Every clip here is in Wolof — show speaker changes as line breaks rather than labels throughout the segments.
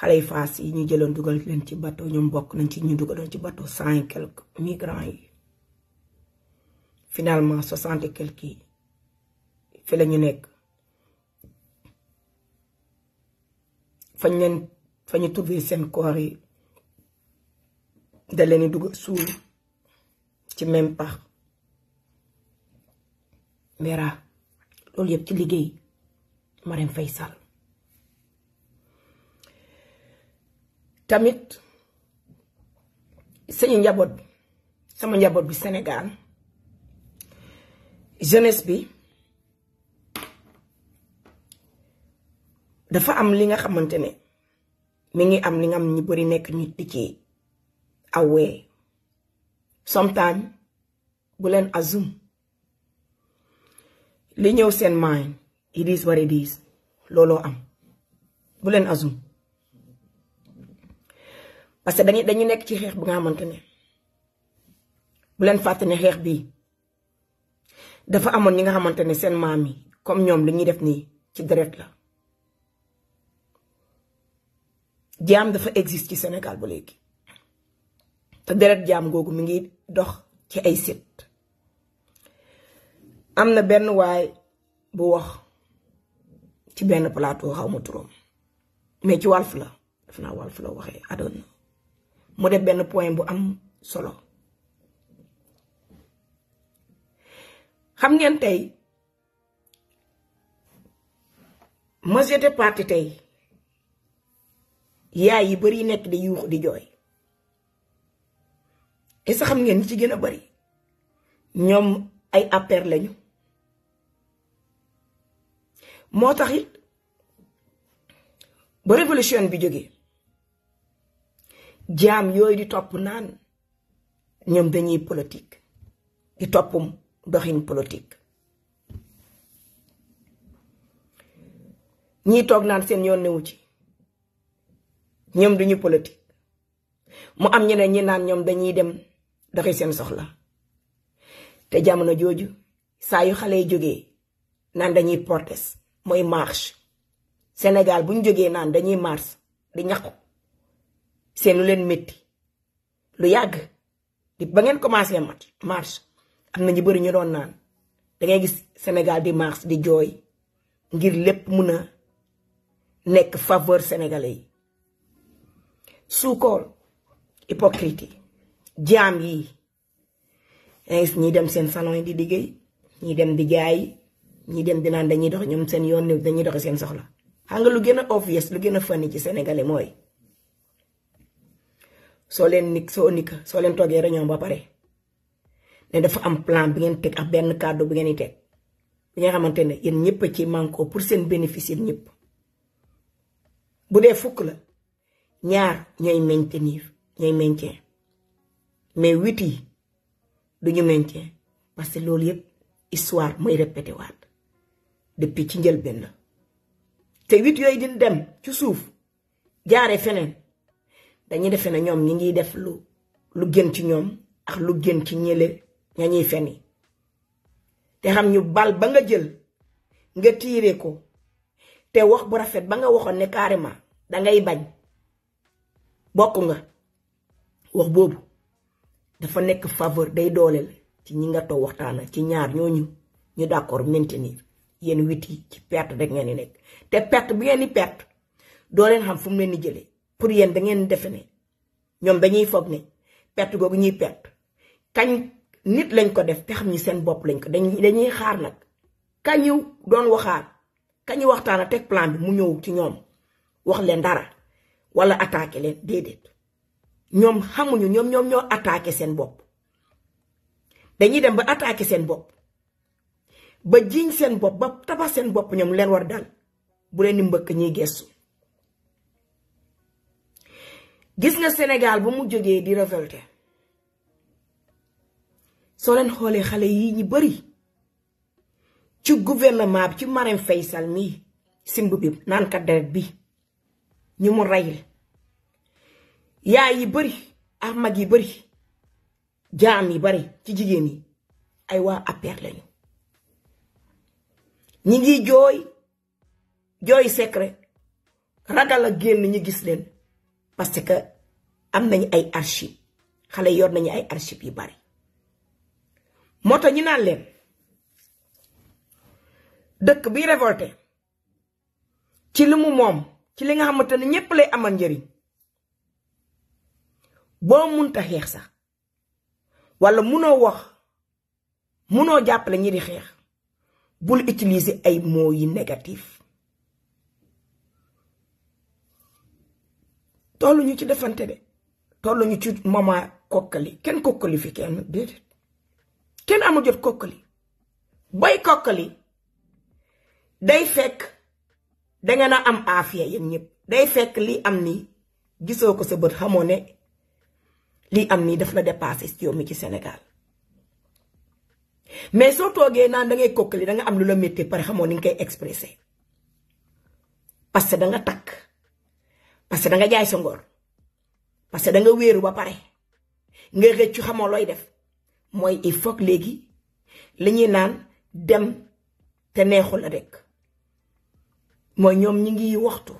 xale yi faas yi ñu jëlon duggal leen ci bateau ñom bok nañ ci ñu dugaloon ci bateau 5 quelque migrants finalement 60 quelque fi la ñu nekk fañ leen fañu ñu sen corps yi da leen duggal suul ci même pas mera lol yeb ci liggey marem faisal tamit sañu njaboot bi sama njaboot bi Sénégal jeunesse bi dafa am li nga xamante ne mu ngi am li nga am ñu bari nekk nit di ci awee sometimes bu leen assume li ñëw seen mind it is what looloo am buleen leen assume parce que dañuy dañuy nekk ci xex bu nga xamantene bu len fàtte ne xeex bii dafa amone ñi nga xamantene sen mami comme ñom li ñi def ni ci direct la diam dafa existe ci Sénégal bu léegi ta direct diam gogu mi ngi dox ci ay sit amna na benn waay bu wax ci benn plateau xaw ma mais ci Walf la dafa na Walf la waxee adoon mu def benn point bu am solo xam ngeen tey majorité parti tey yaay yi bari nekk di yuux di jooy et sa xam ngeen ñi ci gën a bari ñoom ay appeer lañu moo tax it ba révolution bi jóge jaam yooyu di topp naan ñoom dañuy politique di toppum doxin politique ñii toog naan seen yoon newu ci ñoom duñu politique mu am ñeneen ñi naan ñoom dañuy dem doxi seen soxla te jamono jooju saa yu xale jógee naan dañuy proteste mooy marche Sénégal bu jógee naan dañuy marche di ñaqu c'est lu len metti lu yag di ba ngeen commencer match match amna ñu bari ñu doon naan da ngay gis Sénégal di mars di joy, ngir lepp mëna nek faveur sénégalais yi suukool hypocrite diam yi gis ñi dem sen salon yi di liggéey ñi dem di jaay ñi dem di naan dañuy dox ñom sen yoon dañuy dox sen soxla lu gëna obvious lu gëna fanni ci sénégalais mooy soo leen nik soo nika soo leen toogee réunion ba pare ne dafa am plan bi ngeen teg ak benn kàddu bi ngeen di teg bi nga xamante ne yéen ñëpp a ci manko pour seen bénéfice yéen ñëpp bu dee fukk la ñaar ñooy maintenir ñooy maintien mais huit yi du ñu maintien parce que loolu yëpp histoire mooy répété waat depuis ci njëlbeen la te huit yooyu dina dem ci suuf jaaree feneen. dañuy defee na ñoom ñi ngiy def lu lu gën ci ñoom ak lu gën ci ñële ña ñuy feni te xam ñu bal ba nga jël nga tiire ko te wax bu rafet ba nga waxoon ne carrément dangay bañ bokk nga wax boobu dafa nekk faveur day dooleel ci ñi nga toog waxtaana ci ñaar ñooñu ñu d'accord maintenir yéen wit yi ci perte rek ngeen di nekk te perte bi ngeen di perte doo leen xam fu mu leen di jëlee pour yéen da ngeen defe ne ñoom dañuy foog ne perte googu ñuy perte kañ nit lañ ko def te xam ñi seen bopp lañ ko dañ dañuy xaar nag kañu doon waxaar kañu waxtaan a plan bi mu ñëw ci ñoom wax leen dara wala attaqué leen déedéet ñoom xamuñu ñoom ñoom ñoo attaqué seen bopp dañuy dem ba attaqué seen bop ba jiñ seen ba tabax seen bopp ñoom leen war dal bu leen ni mbëkk gis nga Sénégal ba mu jógee di révolté soo leen xoolee xale yi ñu bari ci gouvernement bi ci Marème Faye nii mii simb bi naan deret bi ñu mu rayil yaay yi bari ak mag yi bari jaam yi bari ci jigéen yi ay waa APR lañu ñi ngi jooy jooy secret ragal a génn ñi gis leen parce que am nañ ay archive xale yor nañu ay archive yu bari moo tax ñu naan leen dëkk bi révolté ci li mu moom ci li nga xamante ne ñépp lay amal njëriñ boo munta xeex sax walla munoo wax munoo jàppale ñi di xeex bul utiliser ay mots yi négatif tolu ñu ci defante de tolu ñu ci mama kokkali ken kokkali fi ken dede ken amu jot kokkali bay kokkali day fekk da nga na am afia yéen ñep day fekk li am ni gisoko sa beut xamone li am ni daf la ci yow mi ci Sénégal mais so da ngay kokkali da nga am lu la metti par xamone ni ngay parce que da nga tak parce que da nga jaay sa ngor parce que da nga wéeru ba pare nga rëccu xamoo looy def mooy il faut léegi li ñuy naan dem te neexul la rek mooy ñoom ñi ngi waxtu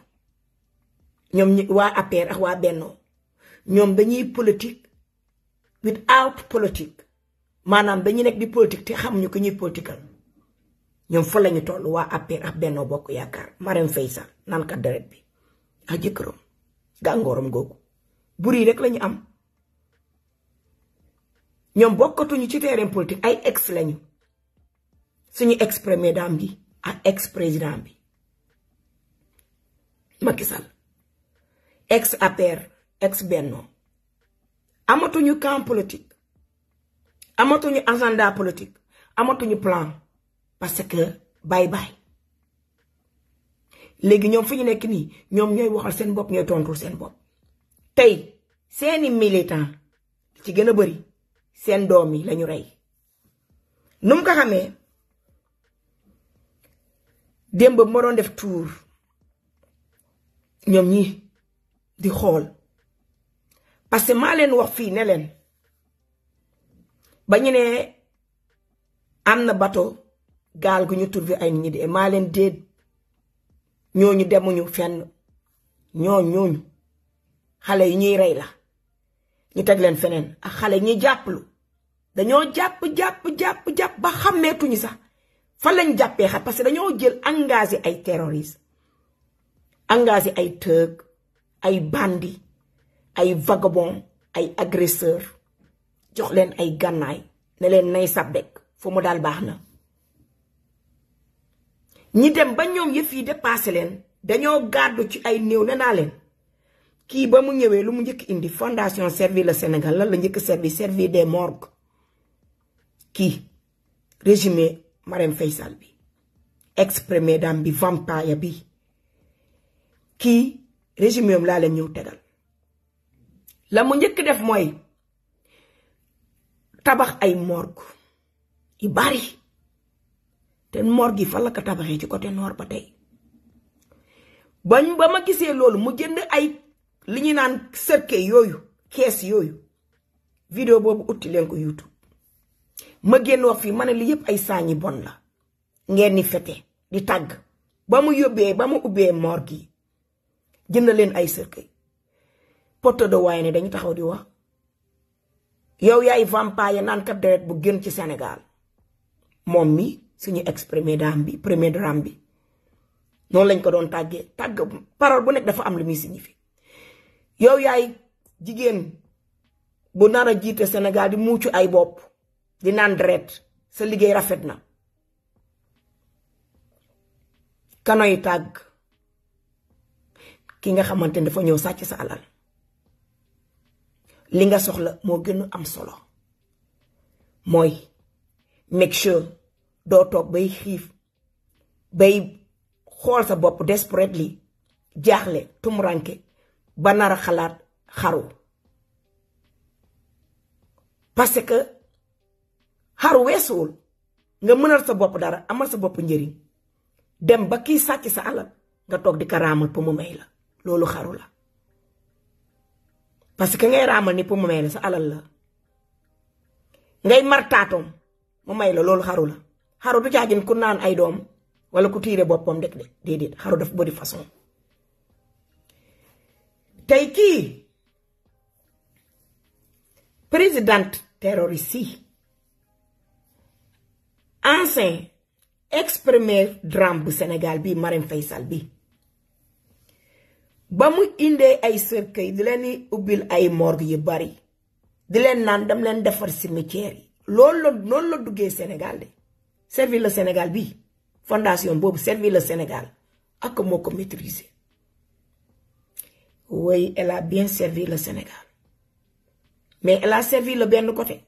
ñoom ñi waa APR ak waa Bennoo ñoom dañuy politique without politique maanaam dañuy nekk di politique te ñu ko ñuy politikal ñoom fa lañu toll waa APR ak Bennoo Bokk Yaakaar Marème Faye Sall naan kat deret bi a jëkkëram gàngooram googu bur yi rek lañu am ñoom bokkatuñu ci terrain politique ay ex lañu suñu ex premier dame bi ak ex président bi Macky Sall ex APR ex Benno amatuñu camp politique amatuñu agenda politique amatuñu plan parce que bye bye léegi ñoom fi ñu nekk nii ñoom ñooy waxal seen bopp ñooy tontul seen bopp tey seeni militant ci gën a bëri seen doom yi lañu rey nu mu ko xamee démb bu ma doon def tour ñoom ñi di xool parce que maa leen wax fii ne leen ba ne am na bato gaal gu ñu trouvé ay nit ñi de maa leen déet ñooñu demuñu fenn ñoo ñooñu xale yi ñuy rey la ñu teg leen feneen a xale yi ñuy jàppalu dañoo jàpp jàpp jàpp jàpp ba xàmmeetuñu sax fan lañ jàppee xa parce que dañoo jël engagé ay terroriste engage ay tëg ay bandi ay vagabond ay agresseur jox leen ay gànnaay ne leen nay sabek fu mu daal baax na ñi dem ba ñoom yëf yi dépassé leen dañoo gàddu ci ay néew ne naa leen kii ba mu ñëwee lu mu njëkk indi fondation Servir le Sénégal lan la njëkk servir servir des morgues kii résime Marème Faye Sall bi ex-première dame bi vampire bi kii résumé am laa leen ñëw tegal la mu njëkk def mooy tabax ay morgue yu bari te mor gi fan la ko tabaxee ci côté nord ba tey bañ ba ma gisee loolu mu jënd ay li ñu naan cercueil yooyu kees yooyu video boobu utti leen ko YouTube ma génn wax fii ma ne li yëpp ay saañi bon la ngeen ni fete di tàgg ba mu yóbbee ba mu ubbee mor gi jënd leen ay cercueil porte de waaye ne dañu taxaw di wax yow yaay vampire naan kat deret bu gën ci senegaal moom mi suñu exprimer premier dame bi premier dame bi non lañ ko don tagge tag parole bu nek dafa am lu signifie yow yaay jigen bu nar jité Sénégal di muccu ay bop di nan dret sa liguey rafetna kanoy tag ki nga xamantene dafa ñew sacc sa alal li nga soxla mo gënu am solo moy, make sure doto toog bay xif bay xol sa bop desperately tum tumuranke ba nara xalat xaru parce que haru wessul nga meunal sa bop dara amal sa bop njëriñ dem ba ki sacc sa alal nga tok di ko raamal pour mu may la loolu xaru la parce que ngay ni pour mu may la sa alal la ngay martatom mu may la xaru la xaru du caagin ku naan ay doom wala ku tiire boppam rek de déedéet xaru dafa bëri façon tey kii président terroriste yi ancien ex premier drame bu Sénégal bi Marème Faye bi ba mu indee ay cercueil di leen di ubbil ay morgue yu bari di leen naan dam leen defar cimetière yi loolu la loolu la duggee Sénégal de servir le Sénégal oui. fondation Bob, servir le Sénégal A comment maîtriser oui elle a bien servi le Sénégal mais elle a servi le bien de côté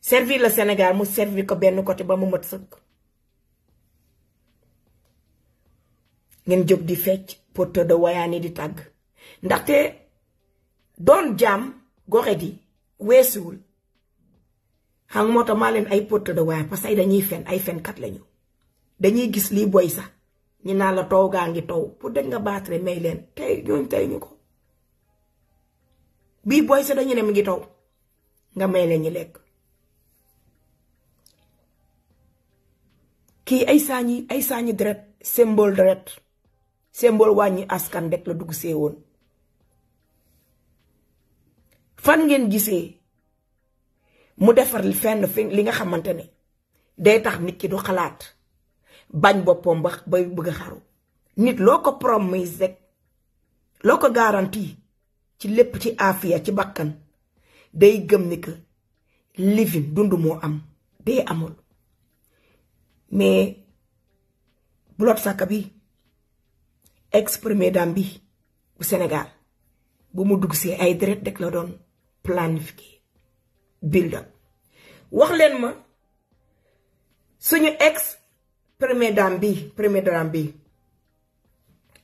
servir le Sénégal mu servir bien de côté ba mu mat sëkk ngeen pour di fecc porteur de wayaani di tàgg ndaxte doon jaam goxe di xam moo tax maa leen ay porte de voix parce que dañuy fen ay fenkat lañu dañuy gis lii boy sax ñi naa la taw gaa ngi taw pour dégg nga baatare may leen tey ñooñ tey ñu ko bii boy sax dañu ne mi ngi taw nga may leen ñu lekk kii ay saañi ay saañi deret symbole deret symbole wàññi askan deg la dugg see woon fan ngeen gisee mu defar fenn fi li nga xamante ne day tax nit ki du xalaat bañ boppam ba bay bëgg xaru nit loo ko promise rek loo ko garantie ci lépp ci aafiya ci bakkan day gëm ni que living dund moo am day amul mais Blood Saka bi ex dambi dame bi bu Sénégal bu mu dugg si ay deret de la doon planifié build up wax len ma suñu ex premier dame bi premier dame bi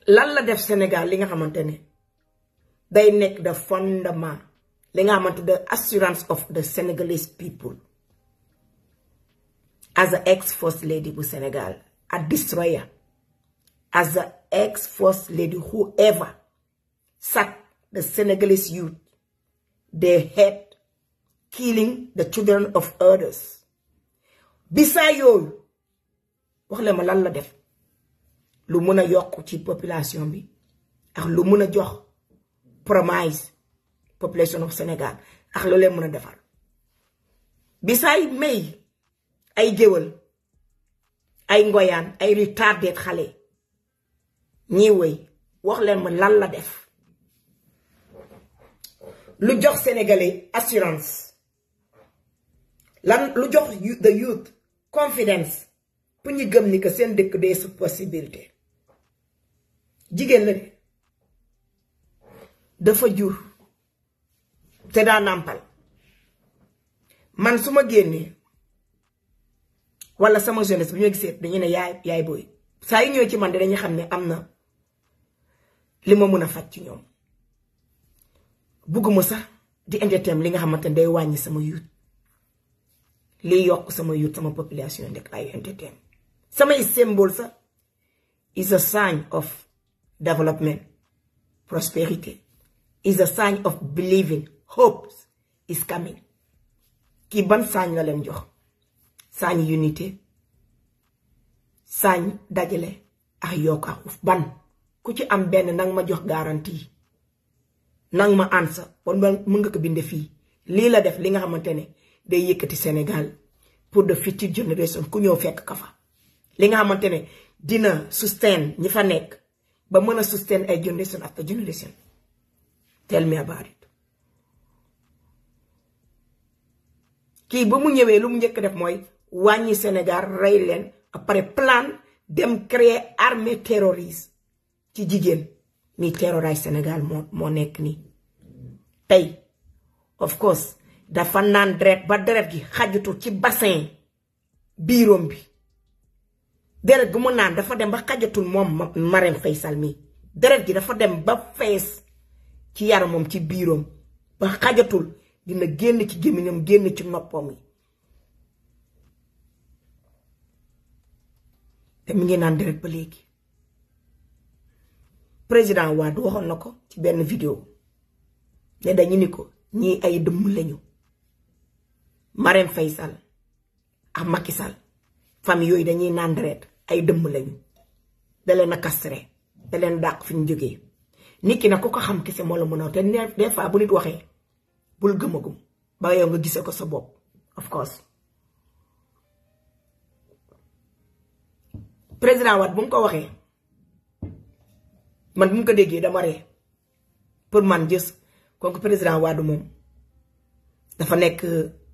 lan la def senegal li nga xamantene day nek the fondement li nga xamantene the assurance of the senegalese people as a ex first lady bu Senegal, a destroyer as a ex first lady whoever sack the senegalese youth they hate killing the children of others bisaa yooyu wax leen ma lan la def lu mun a yokk ci population bi ak lu mun a jox promise population of Sénégal ak lu leen mën a defar bisaay may ay géwël ay ngoyaan ay retardé xale ñii wëy wax leen ma lan la def lu jox sénégalais assurance lan lu jox the youth confidence pour ñu gëm ni que seen dëkk day su possibilité jigéen la de dafa jur te daa nàmpal man su ma génnee wala sama jeunesse bu ñu gisee dañu ne yaay yaay booy saa yu ñëwee ci man de dañu xam ne am na li ma mën a faj ci ñoom bugguma sax di entertain li nga xamante ne day wàññi sama youth li yok sama youth sama population de ay entertain sama symbole sa is a sign of development prosperity is a sign of believing hope is coming ki ban sign la len jox sign unity sign dajale ak ah, yok ak uf ban ku ci am ben nang ma jox garantie nang ma answer bon ba mën nga ko binde fi li la def li nga xamantene day yëkkati Sénégal pour de the future generation ku ñëw fekk ka fa li nga xamante ne dina sustain ñi fa nekk ba mën a sustain ay generation after generation tell me about kii ba mu ñëwee lu mu njëkk def mooy wàññi Sénégal rey leen après plan dem créer armée terroriste ci jigéen ni terrorise Sénégal moo moo nekk nii tey of course dafa naan deret ba deret gi xajutul ci bassin biirom bi deret gi mu naan dafa dem ba xajatul moom Marème Faye Sall mi deret gi dafa dem ba fees ci yaramam ci biirom ba xajatul dina génn ci gémmiñam génn ci noppam yi te mi ngi naan deret ba léegi président Wade waxoon na ko ci benn vidéo ne dañu ni ko ñii ay dëmm lañu Marem Faisal ak Macky Sall famille yoy dañuy naan deret ay dem lañ dalen leen dalen dak fiñ defa niki na kuko xam kessé mo la mëno té des fois bu nit waxé bul gëmagum ba yow nga gissé ko sa bop of course président wat bu mandung ko waxé man bu mu ko déggé dama ré pour man jëss président mom dafa nek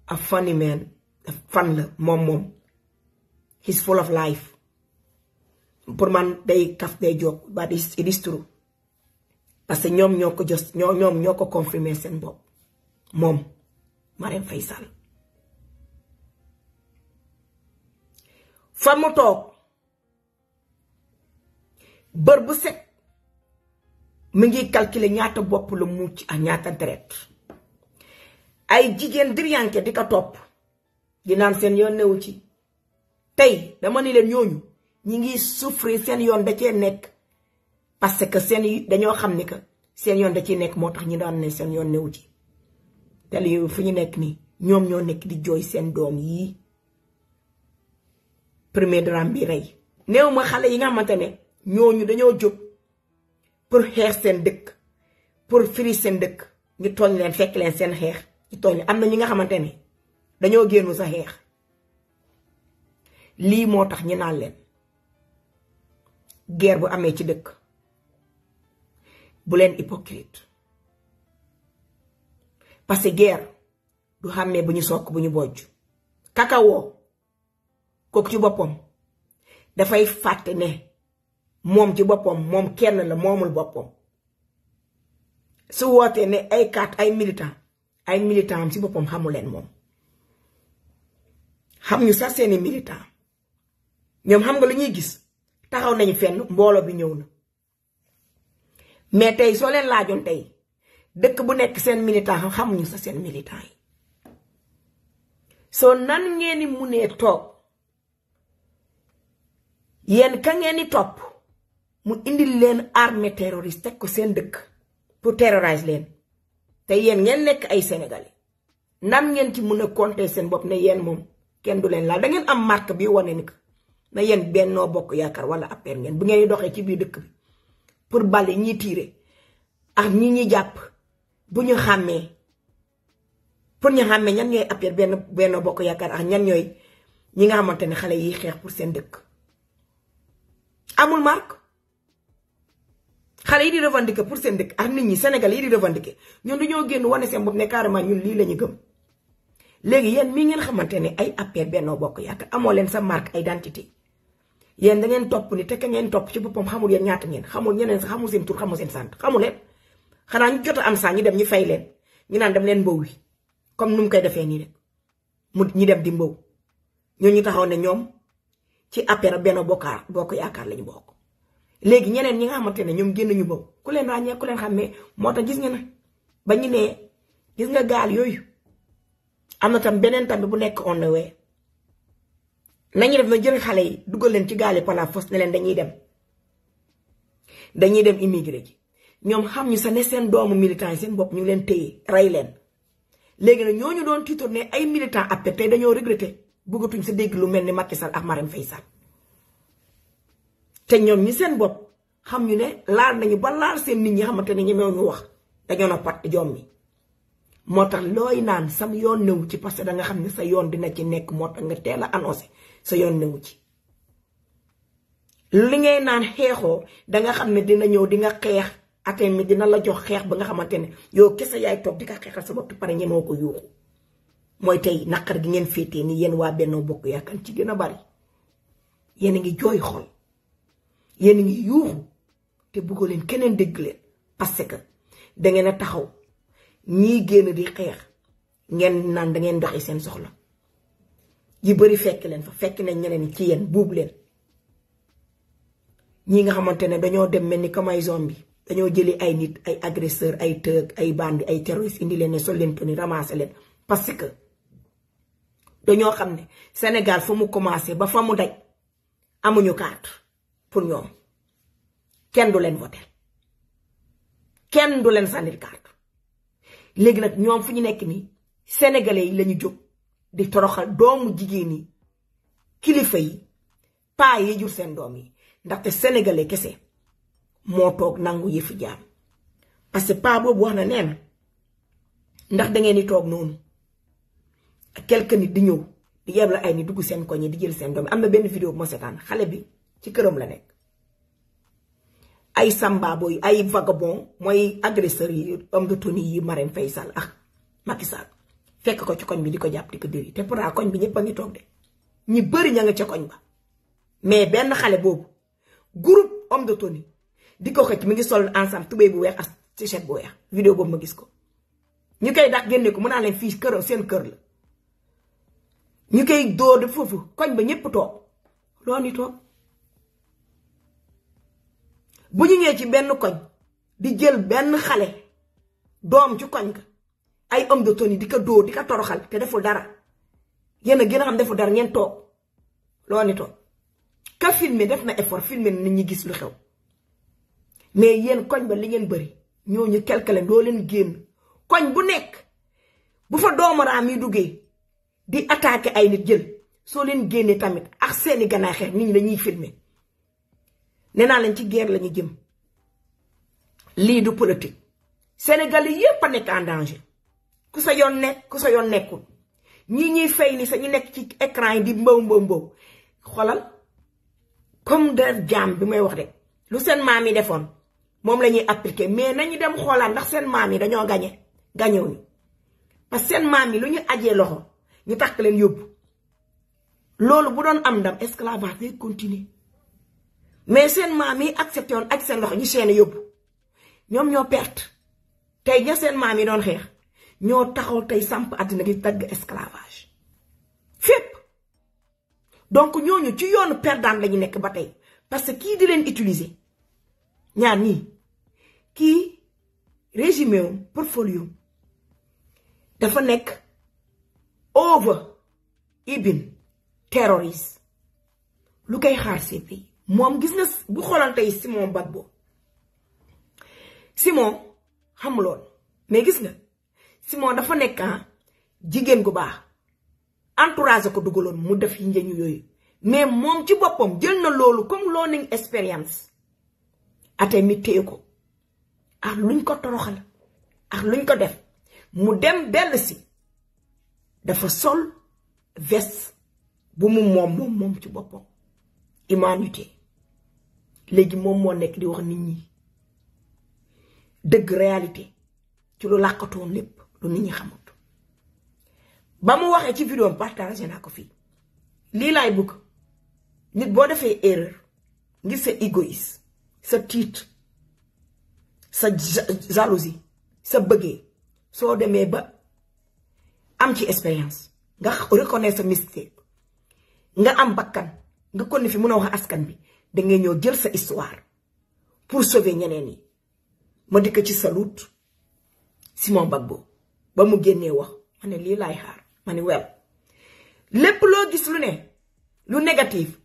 a funny man fan la moom moom he's full of life pour man day kaf day jóg but it is true parce que ñoom ñoo ko jos ñoom ñoo ko confirmer seen bopp moom Marème Faye Sall fan mu toog bër bu set mu ngi calculer ñaata bopp la mucc ak ñaata deret ay jigéen diryanke di ko topp di naan seen yoon newu ci tey dama ni leen ñooñu ñi ngi souffrir seen yoon da cee nekk parce que seen dañoo xam ni que seen yoon da ciy nekk moo tax ñu daan ne seen yoon newu ci te lii fu ñu nekk nii ñoom ñoo nekk di jooy seen doom yii premier drame bi rey néew ma xale yi nga xamante ne ñooñu dañoo jóg pour xeex seen dëkk pour firi seen dëkk ñu tooñ leen fekk leen seen xeex ci tooñ am na ñi nga xamante ni dañoo génn sa xeex lii moo tax ñu naan leen guerre bu amee ci dëkk bu leen hypocrite parce que guerre du xàmmee bu ñu sokk bu ñu bojj kakawoo kook ci boppam dafay fàtte ne moom ci boppam moom kenn la moomul boppam su wootee ne ay kat ay militant ay militant am ci boppam xamu leen moom xam ñu sa seeni militant ñoom xam nga lu ñuy gis taxaw nañu fenn mbooloo bi ñëw na mais tey soo leen laajoon tey dëkk bu nekk seen militant xamuñu sa seen militan yi soo nan ngeen di munee toog yéen ka ngeen di topp mu indil leen armée terroriste teg ko seen dëkk pour terroriser leen. te yéen ngeen nekk ay sénégalais nan ngeen ci mën a compter seen bopp ne yéen moom kenn du leen laal da ngeen am marque bi wane ni que na yéen bennoo bokk yaakaar wala affaire ngeen bi ngeen doxee ci biir dëkk bi pour bale ñi tiire ak ñi ñi jàpp bu ñu xàmmee pour ñu xàmmee ñan ñooy affaire benn bennoo bokk yaakaar ak ñan ñooy ñi nga xamante ne xale yi xeex pour seen dëkk amul marque. xale yi di revendiquer pour seen dëkk ak nit ñi Sénégal yi di revendiquer ñun dañoo génn wane seen bopp ne carrément ñun lii la gëm léegi yéen mii ngeen xamante ne ay APR benn Bokk Yaakaar amoo leen sa marque identité yéen da ngeen topp ni te ngeen topp ci boppam xamul yéen ñaata ngeen xamul ñeneen sax xamul seen tur xamul seen sant leen xanaa ñu am saa ñu dem ñu fay leen ñu naan dem leen mbow wi comme nu koy defee nii rek mu ñu dem di mbow ñooñu taxaw ne ñoom ci APR Benno Bokk Yaakaar la ñu bokk léegi ñeneen ñi nga xamante ne ñoom génn ñu boobu ku leen ràññee ku leen xàmmee moo tax gis nga ne ba ñu nee gis nga gaal yooyu am na tam beneen tamit bu nekk on the way nañu def na jël xale yi dugal leen ci gaal yi par la force ne leen dañuy dem dañuy dem immigré ji ñoom xam ñu sa ne seen doomu militant yi seen bopp ñu leen téye rey leen léegi nag ñooñu doon tiitoon ne ay militant après tey dañoo regretté bëggatuñ sa dégg lu mel ni Macky Sall ak Marème Faye Sall te ñoom ñi seen bopp xam ñu ne laal nañu ba laal seen nit ñi xamante ne ñemew ñu wax dañoo na pat joom mi moo tax looy naan sam yoon newu ci parce que danga xam ne sa yoon dina ci nekk moo nga teel a annoncé sa yoon newu ci li ngay naan xeexoo danga xam ne dina ñëw di nga xeex atee mi dina la jox xeex ba nga xamante ne yow kese yaay toog di ko xeexal sa bopp pare ñemoo ko yuuxu mooy tey naqar gi ngeen féetee ni yéen waa Benno Bokk Yaakaar ci gën a bari yéen a ngi jooy xol yéen ngi yuuxu te bëggoo leen keneen dégg leen parce que dangeen a taxaw ñii génn di xeex ngeen naan dangeen doxi seen soxla yi bari fekk leen fa fekk nañ ñeneen ci yéen buub leen ñii nga xamante ne dañoo dem mel ni comme ay zombie dañoo jëli ay nit ay agresseur ay tëg ay bandi ay terroriste indi leen ne sol leen tenue ramassé leen parce que dañoo xam ne senegal fa mu commencé ba fa mu daj amuñu carte pour ñoom kenn du leen votel kenn du leen sànnil carte léegi nag ñoom fu ñu nekk nii sénégalais yi lañu jóg di toroxal doomu jigéen yi kilifa yi paa yi jur seen doom yi ndaxte sénégalais kese moo toog nangu yëfi jaam parce que paa boobu wax na neen ndax da ngeen di toog noonu ak quelque nit di ñëw di yebla ay ni dugg seen koñ di jël seen doom am na benn vidéo bu ma seetaan xale bi. ci këram la nekk ay samba boy ay vagabond mooy agresseurs yi homme de tenue yi Marème Faye Sall ak Macky Sall fekk ko ci koñ bi di ko jàpp di ko diri te pourtant koñ bi ñëpp a ngi toog de bëri ña nga ca koñ ba mais benn xale boobu groupe homme de tenue di ko xëcc mi ngi sol ensemble tubéy bu weex ak t-shirt bu weex ma gis ko ñu koy dàq génne ko mën naa leen fii kër seen kër la ñu koy dóor foofu koñ ba ñëpp toog loo ni toog bu ñu ñëwee ci benn koñ di jël benn xale doom ci koñ ka ay homme de tenue di ko dóor di ko toroxal te deful dara yéen a gën xam deful dara ngeen toog loo ni toog ka filmé def na effort filmé na ñi gis lu xew mais yéen koñ ba li ngeen bëri ñooñu calculé doo leen génn koñ bu nekk bu fa doomaraam yi duggee di attaqué ay nit jël soo leen génnee tamit ak seeni gannaay xeex nit ñi dañuy filmer nee naa leen ci guerre la jëm lii du politique Sénégal yi yépp a nekk en danger ku sa yoon ku sa yoon nekkul ñi ñuy fay ni sañu nekk ci écran yi di mbaw mbaw mbaw xoolal comme der jaam bi may wax de lu seen maam yi defoon moom lañuy ñuy mais nañu dem xoolaat ndax seen maam yi dañoo gañe gañew ñu parce que seen maam yi lu ñu ajee loxo ñu takk leen yóbbu loolu bu doon am ndam esclavage day continuer mais sen maam yi accepté woon ak seen loxo ñu seen yob ñom ñoo perte tay ña seen maam yi doon ñoo taxaw tay samp àddina gi tag esclavage fépp donc ñooñu ci yoonu perdant lañu nekk ba tey parce que ki di leen utiliser ñaar nii kii résumé portfolio dafa nekk over ibn terroriste lu kay xaar seen pays moom gis na bu xoolal tey Simon Gbagbo Simon xamuloon mais gis nga Simon dafa nekk ah, jigéen gu baax entourage ko dugaloon mu def njëñu yooyu mais moom ci boppam jël na loolu comme learning experience ate mi téye ko ak luñ ko toroxal ak luñ ko def mu dem dell si dafa sol veste bu mu moom moom ci boppam humanité léegi moom moo nekk di wax nit ñi dëgg réalité ci lu làqatoon lépp lu nit ñi xamut ba mu waxee ci vidéo partagé naa ko fii lii laay bëgg nit boo defee erreur ngir sa égoïsme sa tiit sa jalousie sa bëggee soo demee ba am ci expérience nga reconnaître sa mistake nga am bakkan nga kon fi mun a wax askan bi da ngay ñëw jël sa histoire pour sauver ñeneen yi ma dikk ci salut Simon bagbo ba mu génné wax mané ne lay xaar mané ne wel lepp lo gis lu ne lu négatif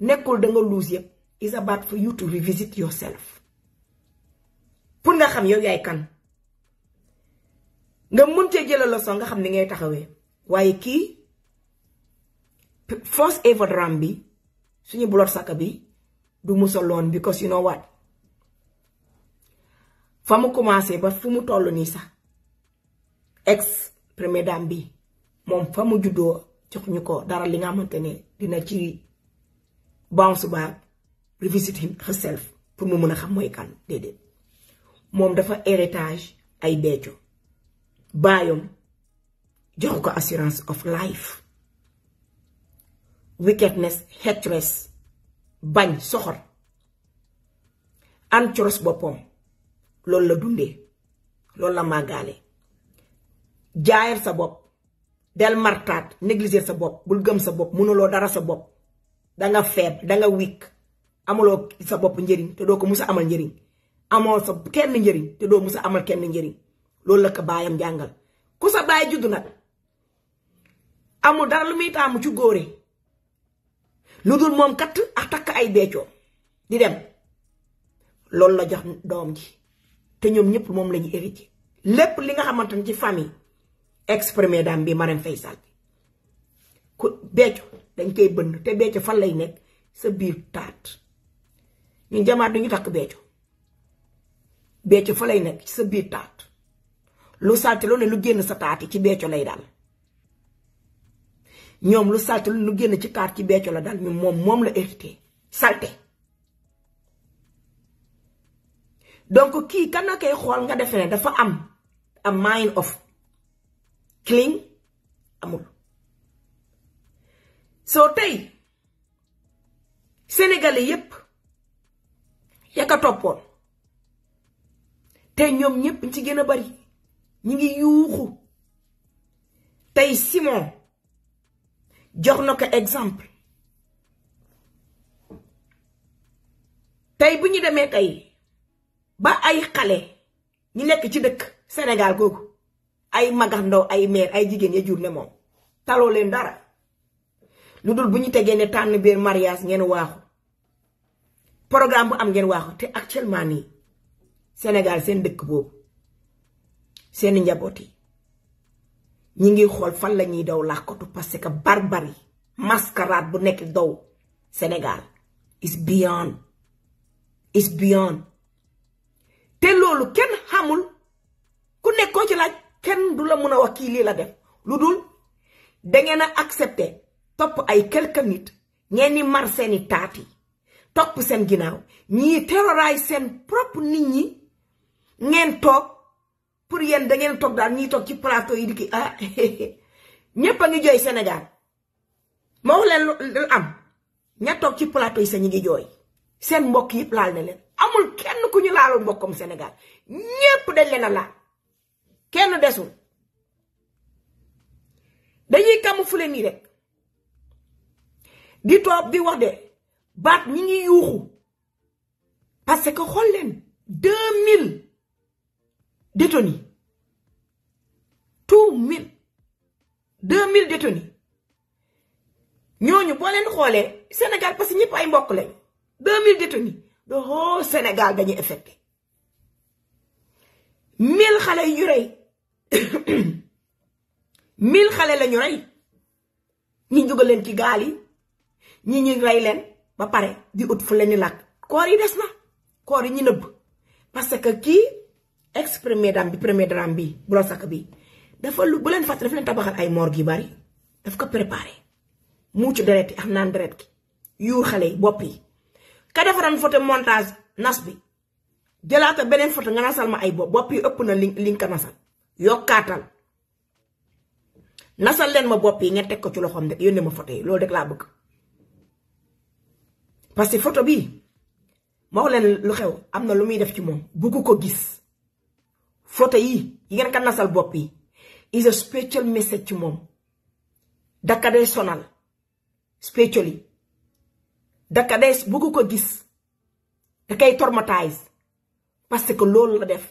nekul da nga lose yëpp is about for you to revisit yourself pour nga xam yow yaay kan nga mën jël la so nga xam ni ngay taxawé waye ki force Eva Drambi suñu blood saka bi du musa because you know what Famu commencé ba fumu tollu ni sax ex premier dame bi mom famu mu juddoo joxuñu ko dara li nga xamantene dina ci bounce back revisit him herself pour mu mën xam moy kan dede. Mom dafa héritage ay beccu bayum jox ko assurance of life wickedness hatred bañ soxor an coros boppam loolu la dundee loolu la màggaale jaayal sa bopp del martaat négliger sa bopp bul gëm sa bopp mënuloo dara sa bopp danga feeb danga wikk amuloo sa bopp njëriñ te doo ko mus a amal njëriñ amoo sa kenn njëriñ te doo mus a amal kenn njëriñ loolu la ko baayam jàngal ku sa baay juddu nag amul dara lu muy taamu ci góore lu dul moom kat ak takk ay beccoo di dem loolu la jox doom ji te ñoom ñëpp moom la ñu lépp li nga xamante ne ci famille ex-première bi Marème Faye Sall bi ku becco dañ koy bënn te becco fan lay nekk sa biir taat ñu jamaat duñu takk becco becco fa lay nekk ci sa biir taat lu salte lu ne lu génn sa taat ci becco lay daal ñoom lu salte lu nu génn ci taar ci becco la dal mi moom moom la hérité salte donc kii kan na xool nga defe ne dafa am am mind of clean amul soo tey sénégalais yépp yaka toppoon tey ñoom ñépp ci gën a bari ñu ngi yuuxu tey Simon jox na ko exemple tey bu ñu demee tey ba ay xale ñu nekk ci dëkk Sénégal googu ay magandoo ay meer ay jigéen ya jur ne moom taloo leen dara lu dul bu ñu tegee ne tànn biir mariage ngeen waaxu programme bu am ngeen waaxu te actuellement nii Sénégal seen dëkk boobu seen njaboot yi ñi ngi xool fan la ñuy daw làkkatu parce que barbarie mascarade bu nekk daw Sénégal is beyond is beyond te loolu kenn xamul ku nekkoo ci laaj kenn du la mën a wax kii lii la def lu dul dangeen a accepter topp ay quelque nit ngeen ni mar seeni taat topp seen ginnaaw ñii terroriser seen propre nit ñi ngeen toog pour yéen da ngeen toog daal ñuy toog ci plateau yi di ki ah ñëpp a ngi jooy senegaal ma leen lu am ña toog ci plateau yi sa ñu ngi jooy seen mbokk yëpp laal na leen amul kenn ku ñu laalul mbokkam Sénégal ñépp dañ leen a laal kenn desul dañuy camoufler nii rek di toog di wax de baat ñi ngi yuuxu parce que xool leen deux mille détenus. 2.000, mille, deux mille détenus. ñooñu boo leen xoolee Sénégal parce que ñëpp 2.000 mbokk 2000 deux mille détenus Le whole Sénégal dañuy affecté mille xale yu rey mille xale lañu rey ñi jógal leen ci gaal yi ñi ñu pare di ut fu lañu làkk koor yi des na parce que qui ex premier dame bi premier dame bi Golo Seck bi dafa lu bu len fat dafa len tabaxal ay morgue yu bari daf ko mu ci deret yi ak naan deret ki yu xalé yi yi ka defaroon photo montage nas bi jëlaata benen photo nga nasal ma ay bop bopp yi ëpp na li li nga nasal nasal len ma bopp yi nga tek ko ci loxom rek yónnee ma photo yi lol rek la bëgg parce que photo bi mo wax lu xew amna lu muy def ci mom bëgg ko gis photo yi yi ngeen ka nasal bopp yi is a spiritual message ci moom dakka day sonal spiritually dakka day bëgg ko gis da kay traumatise parce que loolu la def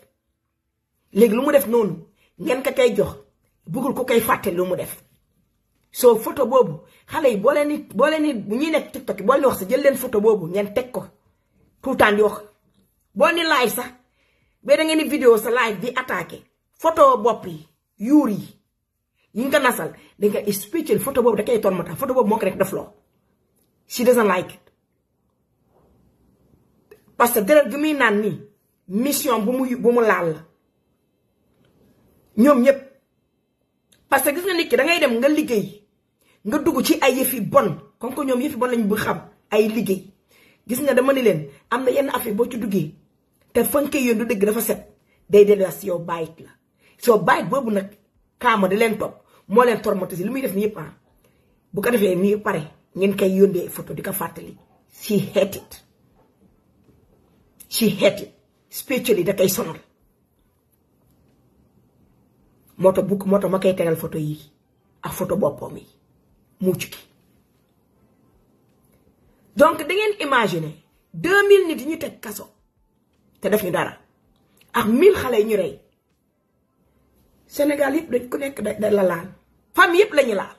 léegi lu mu def noonu ngeen ka kay jox bëggul ko koy fàtte lu mu def soo photo boobu xale yi boo leen boo leen ni bu ñuy nekk tiktok boo leen wax sa jël leen photo boobu ngeen teg ko tout le temps wax boo ni laay sax be da video sa live di attaquer photo bop yi Yuri yi nga nasal da nga special photo bop da kay ton mata photo bop moo ko rek def she doesn't like it parce que deret gi nan ni mission bu mu bu mu lal ñom ñep parce que gis nga nit ki da ngay dem nga liggey nga dugg ci ay yefi bon comme ko ñom yefi bon lañ bu xam ay liggey gis nga dama ni len amna yenn affaire bo ci duggé te fa nga koy yóndu dëgg dafa set day delluwaat si yow bàyyit la soo bàyyit boobu nag kaama di leen topp moo leen tormatiser li muy def nii yëpp ah bu ko defee nii pare ngeen koy yóndee photo di ko fàttali si hate it she hate it spiritually da koy sonal moo tax bu moo ma koy tegal photo yi ak photo boppam yi mucc gi donc da ngeen imaginer nit ñu teg kaso te def ñu dara ak mille xale yi ñu rey Sénégal yëpp dañ ku nekk da la laal femme yëpp la ñu laal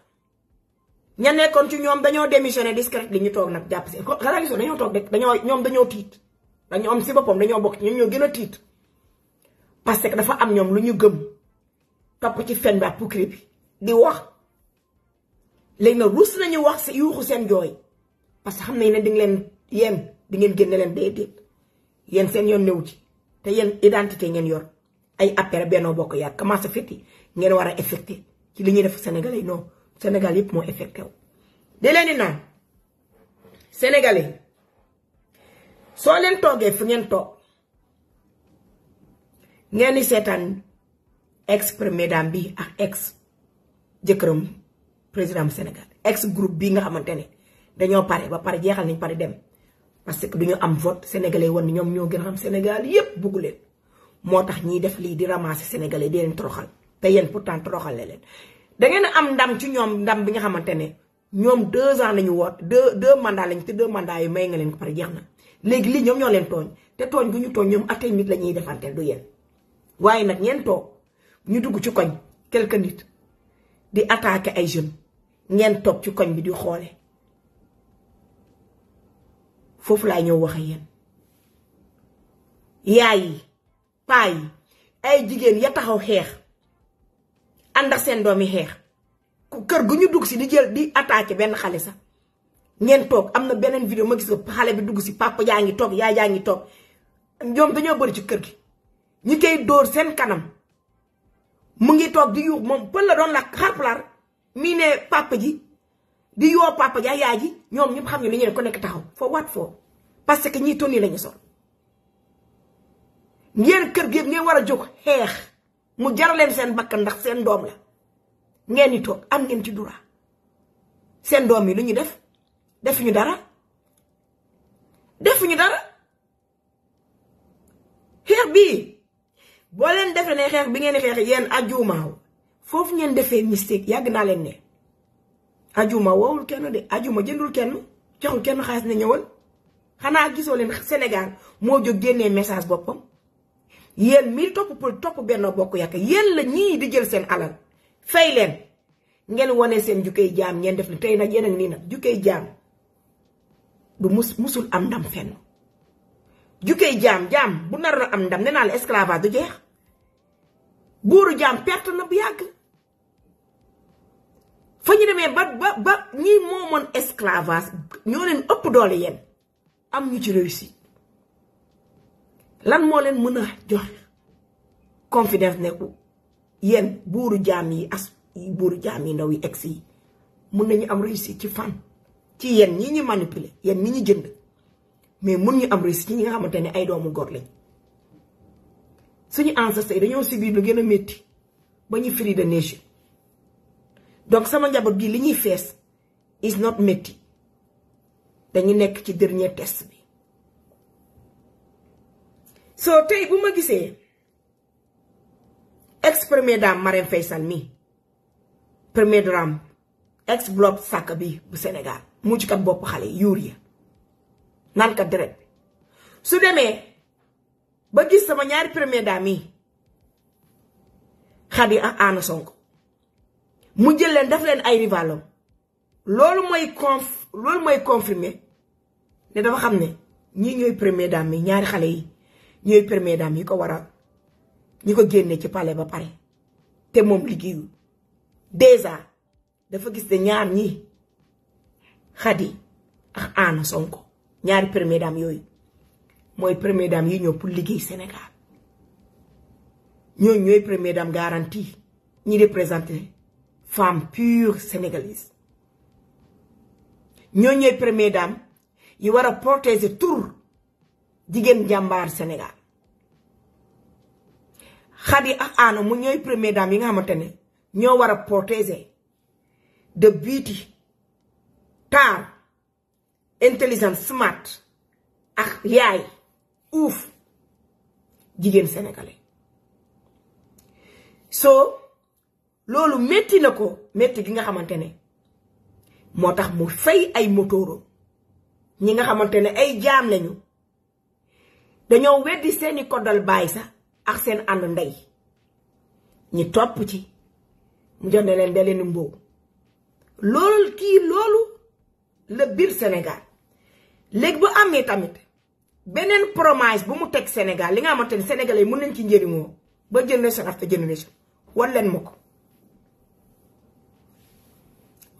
ña nekkoon ci ñoom dañoo démissionné discret li ñu toog nag jàpp seen ko gisoo dañoo toog rek dañoo ñoom dañoo tiit dañoo am si boppam dañoo bokk ñoom ñoo gën a tiit parce que dafa am ñoom lu ñu gëm topp ci fen bi ak pukkiri bi di wax léegi nag ruus nañu wax si yuuxu seen jooy parce que xam nañ ne di leen yéen di ngeen génne leen déedéet yéen seen yoon newu ci te yéen identité ngeen yor ay affaire Benno Bokk Yaakaar commencé fiti ngeen war a affecté ci li ñuy def Sénégalais non Sénégal yëpp moo affecté wu. di leen di naan Sénégalais soo leen toogee fu ngeen toog ngeen di seetaan ex bi ak ex jëkkëram président Sénégal ex groupe bi nga xamante ne dañoo pare ba pare jeexal nañ pare dem. parce que du ñu am vote sénégalais woon ñoom ñoo gën a xam Sénégal yépp bugg leen moo tax ñiy def lii di ramasser sénégalais di leen toroxal te yéen pourtant toroxal leen da ngeen am ndam ci ñoom ndam bi nga xamante ne ñoom deux ans lañu woot deux deux mandats lañ te deux mandats yi may nga leen ko pare jeex na léegi lii ñoom ñoo leen tooñ te tooñ gu ñu tooñ ñoom atay nit la ñuy defanteel du yéen waaye nag ñeen toog ñu dugg ci koñ quelque nit di attaquer ay jeunes ngeen toog ci koñ bi di xoole fofu lay ñew waxe yeen yaay pay ay jigen ya taxaw xex andax sen doomi xex ku kër gu ñu dugg si di jël di attaquer ben xalé sa ngeen tok amna benen video ma gis ko xalé bi dugg si papa jaa tok yaay jaa tok ñom dañu bari ci kër gi ñi kay door sen kanam mu ngi tok di yu mom pël la doon la xarplar mi ne papa ji di yoo papa ji yaay ji ñoom ñëpp xam ne li ñu ko nekk taxaw foo wat foo parce que ñii tonni la ñu sol ngeen kër gi ngeen war a jóg xeex mu jaraleen seen bakkan ndax seen doom la ngeen di toog am ngeen ci droit seen doom yi lu ñu def defuñu dara defuñu dara xeex bii boo leen defee ne xeex bi ngeen di xeex yéen ajuumaaw foofu ngeen defee mistake yàgg naa leen ne. ajuma woowul kenn de ajuma jëndul kenn joxul kenn xaalis na ñëwal xanaa gisoo leen Sénégal moo jóg génnee message boppam yéen mii topp pour topp benn bokk yàq yéen la ñii di jël seen alal fay leen ngeen wane seen jukkey jaam ngeen def li tey na yéen ak nii nag jukkey jaam du mus musul am ndam fenn jukkey jaam jaam bu naroon am ndam nee naa la esclavage du jeex buuru jaam perte na bu yàgg. fa ñu demee ba ba ba ñi moomoon esclavage ñoo leen ëpp doole yéen am ñu ci réussi lan moo leen mën a jox confidence ne ku yéen buuru jaam yi as buuru jaam yi ndaw yi ex yi mun nañu am réussi ci fan ci yéen ñi ñu manipule yéen ñi ñu jënd mais mun ñu am réussi ci ñi nga xamante ne ay doomu gor lañ suñu ancêtres yi dañoo subir lu gën a métti ba ñu firi de nation donc sama njabot bi liñuy fess is not metti dañu nek ci dernier test bi so tay bu ma gisee ex premier dame Marème Faye mi premier dame ex bloc sàkk bi bu Sénégal mu ci kat bop xalé yuur ya nan ka direct su démé ba gis sama ñaari premier dame mi khadi ak Sonko mu jël leen daf leen ay rivalam loolu mooy conf ne dafa xam ne ñii ñooy première dame yi ñaari xale yi ñooy première dame yi ko war a ñi ko génne ci palais ba pare te moom liggéeyu déjà dafa gis ne ñaar ñi Khady ak Anna Sonko ñaari première dame yooyu mooy première dame yi ñëw pour liggéey Sénégal ñooñu ñooy première dame garantie ñi représenté femme pure sénégalaise ñoo ñooy première dame yi war a protéger tur jigéen jàmbaar Sénégal Khady ak Anna mu ñooy première dame yi nga xamante ne ñoo war a protéger the beauty taar intelligent smart ak yaay uuf jigéen sénégalais so Lolo metti nako metti gi nga xamantene ne mu fay ay motoro, ñi nga xamantene ay jaam lañu dañu wéddi seeni kodal bay sa ak seen and ndey ñi top ci mu Lolo len leen da leen mboow loolu kii loolu la senegal Sénégal bu amé tamit benen promise bu mu tek senegal li nga xamantene senegalay mën nañ ci ba after génération wan leen len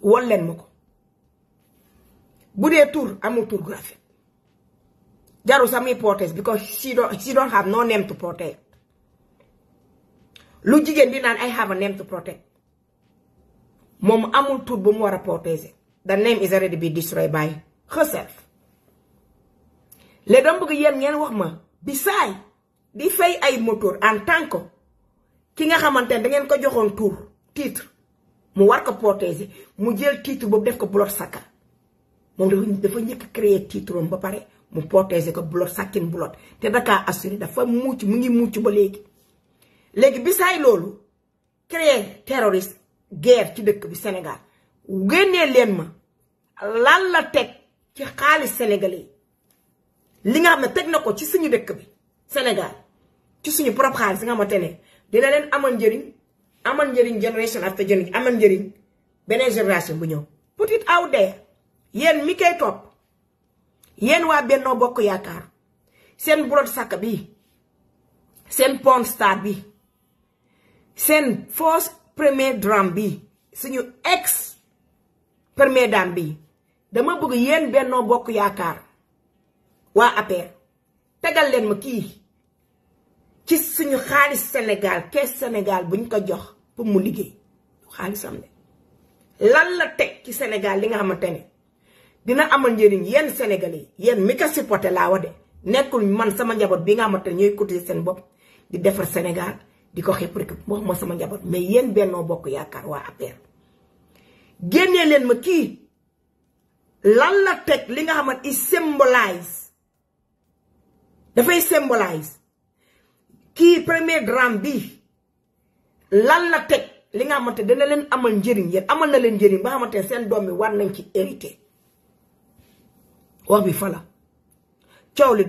won leen ma ko bu dee tur amul tur gu rafet jarul sax muy protest because she don't she don't have no name to lu jigéen di naan ay have a name to moom amul tur bu mu war a protéger the name is already be destroyed by herself léegi dama bëgg yéen ngeen wax ma bi bisaay di fay ay moteur en tant que ki nga xamante ne dangeen ko joxoon tur titre mu war ko protéger mu jël titre boobu def ko Bulor sakka moom dafa njëkk créer titre am ba pare mu protéger ko Bulor Sakin Bulor te Dakar Assuré dafa mucc mu ngi mucc ba léegi léegi bisaay loolu créer terroriste guerre ci dëkk bi Sénégal génnee leen ma lan la teg ci xaalis sénégalais li nga xam ne teg na ko ci suñu dëkk bi Sénégal ci suñu propre xaalis nga xamante ne dina leen amal njëriñ Aman njëriñ generation after generation aman njëriñ benen generation bu ñew put it out there Yen mi kay top yéen wa Benno Bokk yaakar Sen brod sak bi sen Pawn Star bi sen first premier drum bi suñu ex premier dame bi dama bëgg yéen Benno Bokk yaakar wa APR tegal len ma ki ci suñu xaaliss Sénégal kees Sénégal buñ ko jox pour mu liggéey du de lan la teg ci Sénégal li nga xamante dina amal njëriñ yeen Sénégalais yeen mi ka supporté la wa de man sama njabot bi nga ne ñooy sen bop di défar Sénégal di ko xépp rek wax ma sama njabot mais yeen benno bokk yaakar wa APR génnee len ma ki lan la teg li nga i da fay symbolize ki premier drame bi lan la tek li nga xamanté dana len amal njëriñ yeen amal na len njëriñ ba xamanté sen doomi war nañ ci hérité wax bi fala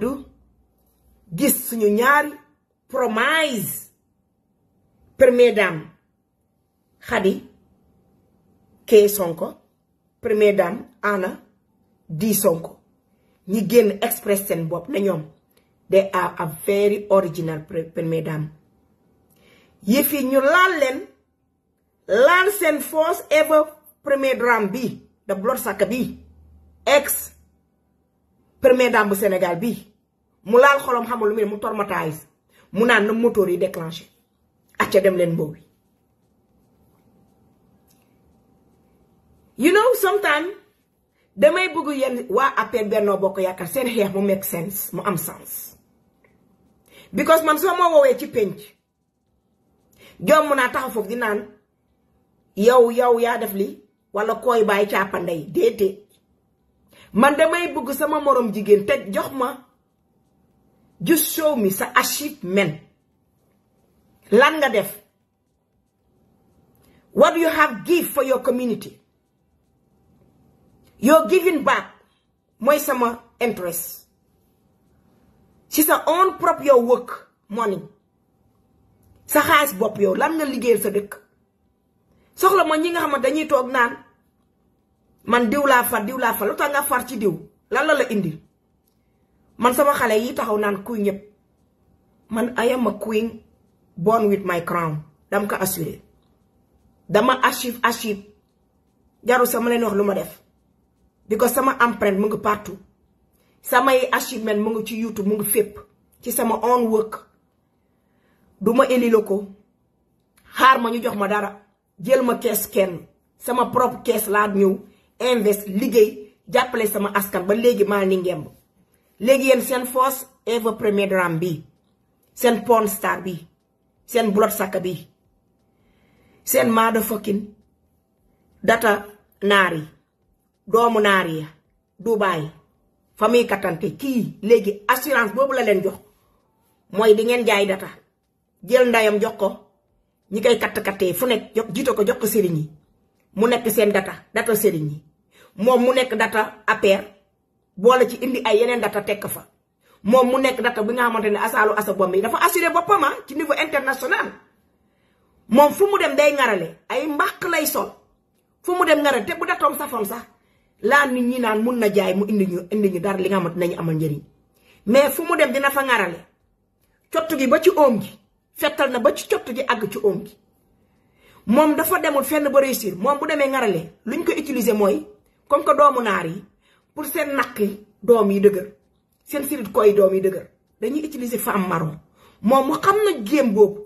du gis suñu ñaar promise premier dame khadi ke sonko première dame ana di sonko ñi genn express sen bop na ñom they are a very original premier dame yëf ñu laal leen laal seen force ever premier dram bi de Blotsaka bi ex premier dame Senegal Sénégal bi mu laal xolom xamul lu muy mu traumatise mu naan na moteur yi déclencher dem leen mbow you know sometimes damay bëgg yeen wa appel Benno Bokk Yaakaar seen xex mu make sense mu am sens because man soo ma ci penc jom naa taxaw foofu di naan yow yow yaa def li wala koy bàyyi càppanday déedéet man damay bëgg sama morom jigen te jox ma just show me sa achievement lan nga def what do you have give for your community You're giving back mooy sama interest She's her own proper work money sa xaas bop yow lan nga liggéeyal sa dëkk soxla ma ñi nga xam dañuy toog naan man diw laa far diw laa far lu tax nga far ci diw lan la la indil man sama xale yi taxaw naan kuy ñëpp man I am a queen born with my crown dam ko assuré dama archive archive jaru sama leen wax lu ma def because sama empreinte mu ngi partout samay archive men mu ngi ci youtube mu ngi fépp ci sama own work du ma élilo ko xaar ma ñu jox ma dara jël ma kees kenn sama propre kees laa ñëw invest liggéey jàppale sama askan ba léegi maa ni ngemb léegi yéen seen force Eva Premier Dram bi seen porn bi seen blood saka bi seen maada fokkin data naar yi doomu naar yi Dubaay famille kattante kii léegi assurance boobu la leen jox mooy di ngeen jaay data jël ndayam jox ko ñi kay kat katé fu nek jox jito ko jox ko sëriñ mu nek seen data data sëriñ yi moom mu nek data APR boole ci indi ay yenen data tek fa mom mu nek data bi nga xamanteni asalu asa bom yi dafa assurer bopam ah, ci niveau international mom fu mu dem day ngarale ay mbakk lay sol fu mu dem ngarale te bu sa fam sax la nit ñi naan mun na jaay mu indi ñu indi ñu dar li nga xamanteni amal ñëri mais fu mu dem dina fa ngarale ciottu gi ba ci oom gi fettal na ba ci cott gi àgg ci oom gi moom dafa demul fenn ba réussir moom bu demee ngarale luñ ko utiliser mooy comme que doomu naar yi pour seen naqi doom yi dëgër seen sirit koy doom yi dëgër dañuy utiliser femme marron moom mu xam na géem boobu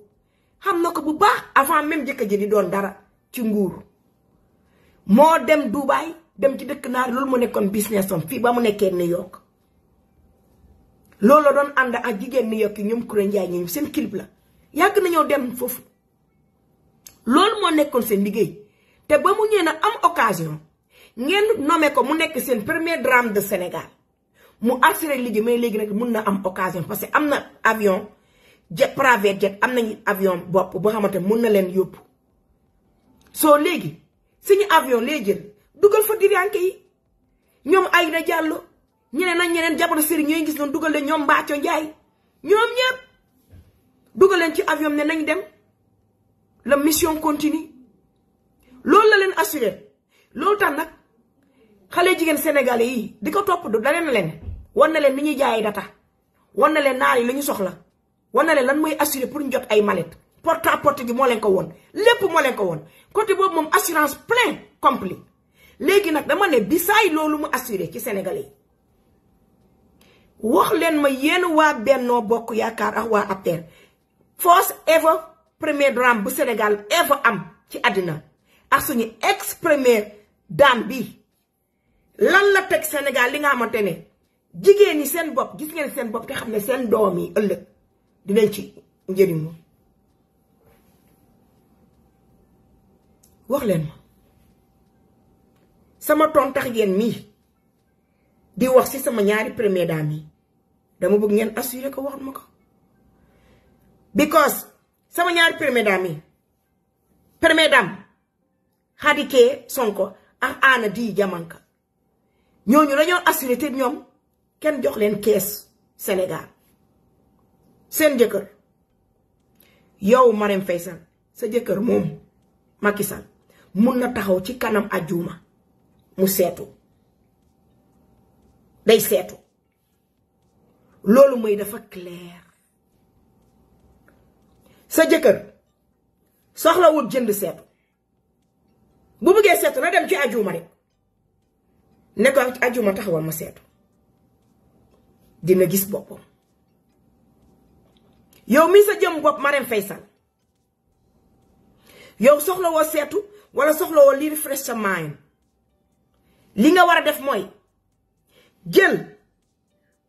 xam na ko bu baax avant même jëkk ji di doon dara ci nguur moo dem Dubaay dem ci dëkk naar loolu mu nekkoon business am fii ba mu nekkee New York loolu la doon ànd ak jigéen New York yi ñoom kuréel njaay ñoom seen clip la yàgg nañoo dem foofu loolu moo nekkoon seen liggéey te ba mu ñëwee na am occasion ngeen nommé ko mu nekk seen premier drame de Sénégal mu assuré liggéey mais léegi nag mun na am occasion parce que am na avion jet private jet am nañu avion bopp boo xamante mun na leen yóbbu soo léegi suñu avion lay jël dugal fa diriyànke yi ñoom ay na jàllo ñeneen ak ñeneen jabaru sëriñ ñooy gis noonu dugal leen ñoom Mbacco Ndiaye ñoom ñëpp. dugal leen ci avion ne nañ dem la mission continue loolu la leen assuré loolu tam nag xale jigéen sénégalais yi di ko topp du daleen leen wan na leen ni ñuy jaayee data wan na leen naar yi la ñu soxla wan na leen lan mooy assuré pour ñu jot ay mallette porte à porte moo leen ko woon lépp moo leen ko woon côté boobu moom assurance plein complet léegi nag dama ne bisaay loolu mu assurée ci sénégalais yi wax leen ma yéen waa Bennoo Bokk Yaakaar ak waa APR first ever premier dame bu Sénégal ever am ci Adina ak suñu ex premier dame bi lan la teg Sénégal li nga xamante ne jigéen ñi seen bopp gis ngeen seen bopp te xam ne seen doom yi ëllëg ci wax sama tontax yéen mi di wax ci sama ñaari premier dame yi dama bëgg ngeen assuré ko because sama ñaari première dame yi première dame Khady K Sonko ak Anna Deye Diamanka ñooñu dañoo assuré ñoom kenn jox leen kees Sénégal seen jëkkër yow Marème Faye Sall sa jëkkër moom Macky Sall mun na taxaw ci kanam ajuma mu seetu day seetu loolu mooy dafa clair sa jëkkër soxlawul jënd seetu bu bëggee seetu na dem ci ajuma rek ne ko ajuma taxawal ma seetu dina gis boppam yow mii sa jëm bopp Marème Faye Sall yow soxlawoo seetu wala soxlawoo li refresh sa mind li nga war a def mooy jël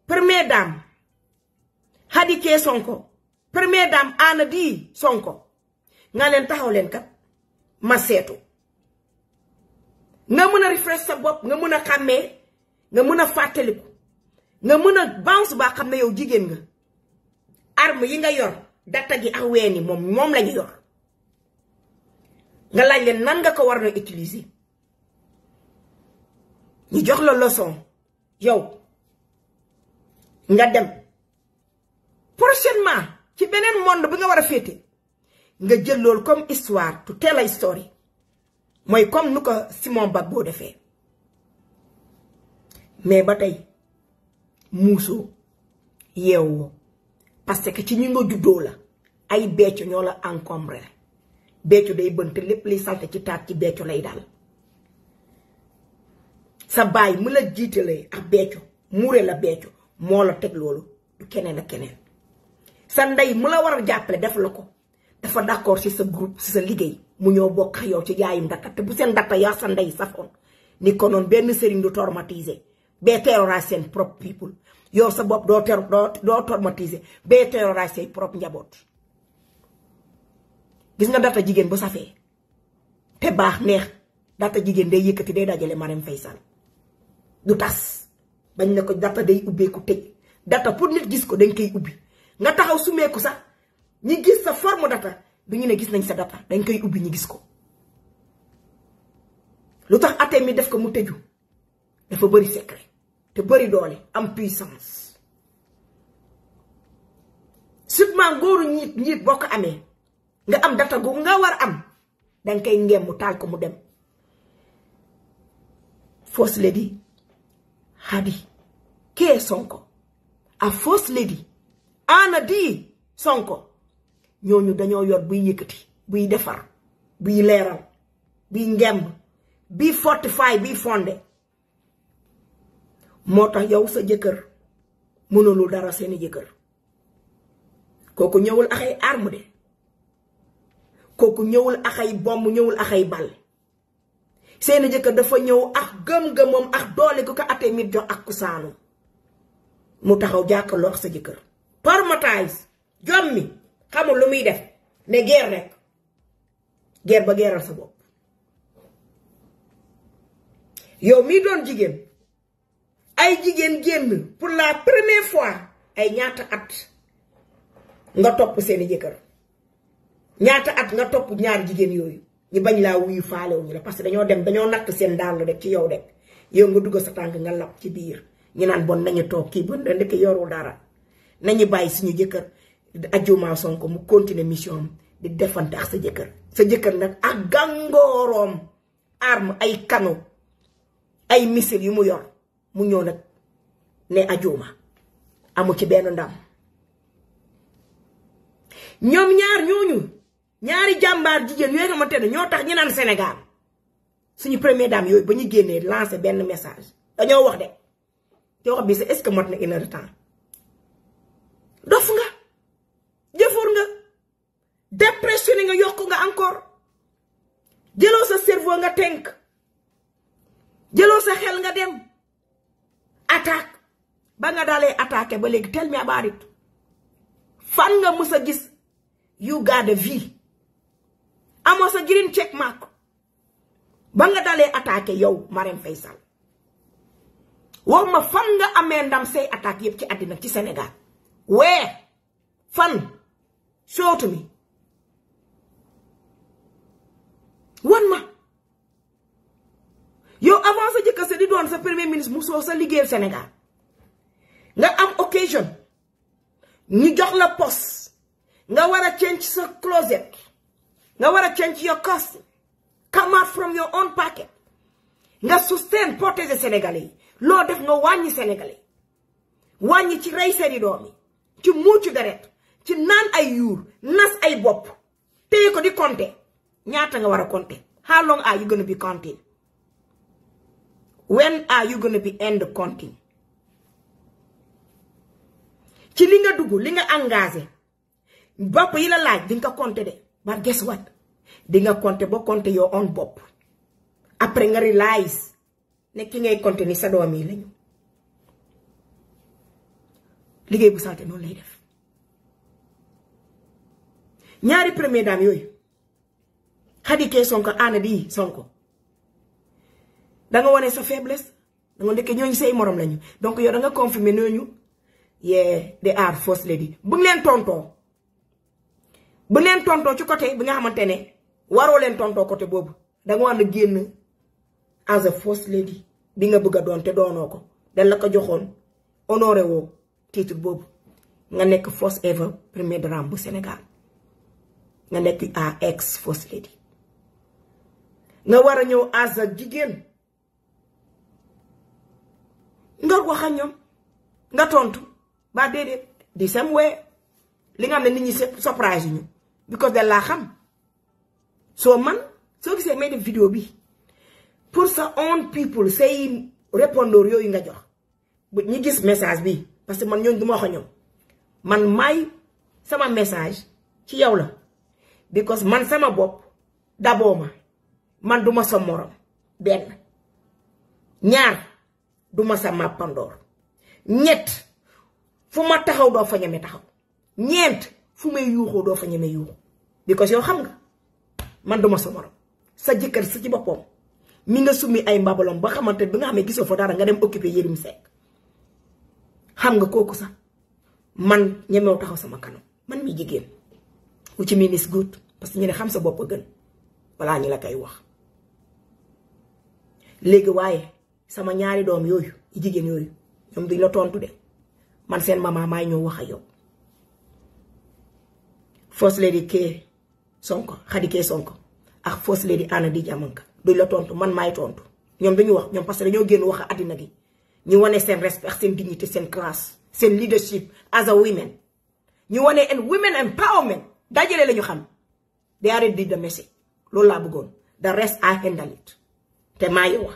première dame Hadi Ké Sonko premier dame ana di sonko nga len taxaw len kat ma setu nga meuna refresh sa bop nga meuna xamé nga meuna nga meuna bounce ba xamné yow jigen nga arme yi nga yor data gi ak weeni mom mom lañu yor nga lañ len nan nga ko warno utiliser ñu jox la leçon yow nga dem prochainement ci beneen monde bi nga war a féete nga jël loolu comme histoire tu tell a story mooy comme nu ko Simon boo defee mais ba tey muusoo yeewoo parce que ci ñi nga juddoo la ay beccu ñoo la encombré beccu day bënt lépp liy salte ci taat ci beccu lay daal sa baay mu la jiitalee ak beccu muure la beccu moo la teg loolu du keneen ak keneen sa ndey mu la war a jàppale def la ko dafa d'accord ci sa groupe ci sa liggéey mu ñoo bokk yow ci yaayum ndatta te bu seen ndatta yaa sa ndey safoon ni ko noonu benn sëriñ du traumatiser bee terroriser seen propre people yow sa bopp doo ter doo traumatiser bee terroriser say njaboot gis nga ndatta jigéen bu safee te baax neex ndatta jigéen day yëkkati day dajale ma Faye Sall du tas bañ ne ko ndatta day ubbeeku tëj ndatta pour nit gis ko dañ koy ubbi nga taxaw sumeeku sax ñi gis sa forme data bi ñu ne gis nañ sa data dañ koy ubbi ñi gis ko lu tax ate mi def ko mu tëju dafa bëri secret te bëri doole am puissance surtout góoru njiit njiit boo ko amee nga am data gu nga war am danga koy ngeem mu taal ko mu dem first lady Hadi kee Sonko a first lady ana di sonko ñooñu dañoo yor buy yëkkati buy defar buy leeral buy ngemb buy fortify buy fonde moo tax yow sa jëkkër mënulul dara seeni jëkkër kooku ñëwul ak ay de kooku ñëwul ak bomb ñëwul ak bal seeni jëkkër dafa ñëw ak gëm-gëmam ak doole ku ko atee mit jox ak kusaanum mu taxaw jàkkaarloo ak sa jëkkër parmatise jom mi xamul lu muy def ne guerre rek guerre ba guerral sa bopp yow mii doon jigéen ay jigéen génn pour la première fois ay ñaata at nga topp seeni jëkkër ñaata at nga topp ñaar jigéen yooyu ñu bañ laa wuyu faalewuñu la parce que dañoo dem dañoo natt seen daal rek ci yow de yow nga dugg sa tànk nga lab ci biir ñu naan bon nañu toog kii bu ndekki yorul dara nañu bàyyi suñu jëkkër ajuma sonk mu continuer mission am di defante ak sa jëkkër sa jëkkër nag ak gàngooroom arme ay kano ay missile yu mu yor mu ñëw nag ne ajuma amu ci benn ndam ñoom ñaar ñooñu ñaari jàmbaar jigéen yooyu xamante ne ñoo tax ñu naan Sénégal suñu première dame yooyu ba ñu génnee lancé benn message dañoo wax de te wax bi c'est est-ce que mot na une temps dof nga jëfur nga dépressionné nga yokk nga encore jëloo sa cerveau nga tenk jëloo sa xel nga dem attaque ba nga dalee attaqué ba léegi tell me about it fan nga mus gis you got a vie amoo sa green check mark ba nga dalee attaqué yow Marème Faye Sall wax ma fan nga amee ndam say attaque yépp ci àddina ci Sénégal where fan show to me wan ma yow avant sa jëkkër sa di sa premier ministre mu soo sa liggéeyal Sénégal nga am occasion ñu jox la pos nga war a change sa closet nga war a change your cost come out from your own pocket nga sustain protéger sénégalais yi loo def nga wàññi sénégalais wàññi ci rey seeni doom yi ci muucu deret ci naan ay yuur nas ay bopp téye ko di compter ñaata nga war a compter how long are you gonna be counting when are you gonna be end counting ci li nga dugg li nga engagé bopp yi la laaj di nga ko compter de but guess what di nga compter ba compter your own bopp après nga réalise ne ngay compter ni sa doom yi lañu liggéey bu salte noonu lay def ñaari premier dame yooyu xadikee sonko aana di sonko danga wane sa faiblesse danga ndekkee ñooñu say morom lañu donc yow danga confirmer ñooñu yee de aar fausse lady bu leen tontoo bu leen tontoo ci côté bi nga xamante ne waroo leen tontoo côté boobu danga war a génn as a fausse lady bi nga bëgg a doon te doonoo ko dañ la ko joxoon honoré titre boobu nga nekk first ever premier dame bu Sénégal nga nekk à ex first lady nga war a ñëw as a jigéen nga wax ak ñoom nga tontu baa déedéet di sem wee li nga xam ne nit ñi surprise ñu because de laa xam soo man soo gisee may def vidéo bi pour sa own people say répondeur yooyu nga jox bu ñu gis message bi parce que man ñooñu duma xañu man may sama message ci yow la because man sama bop dabo ma man duma sa morom ben, ñaar duma sa pandor, nyet fuma ma taxaw do fa ñame taxaw ñent fu yuxo do fa ñame yuxo because yow xam nga man duma sa morom sa jëkkër su ci bopom mi nga summi ay mbabalom ba xamante bi nga xamé ne dara nga dem occuper yérim sék xam nga kooku sax man ñemew taxaw sama kanam man mi jigéen wu ci ministre good parce que ñu xam sa bopp a gën balaa ñu la koy wax léegi waaye sama ñaari doom yooyu jigéen yooyu ñoom duñ la tontu de man seen mama maay ñëw wax ak yow First Lady Kee Sonko Khady Kee Sonko ak First Lady Anna Dija Amanka duñ la tontu man maay tontu ñoom dañu wax ñoom parce que dañoo génn wax a àddina gi ñu wane seen respect seen dignité seen classe seen leadership as a women ñu wane and women empowerment dajale la ñu xam they already did the message loolu laa bëggoon da rest I handle te maa yow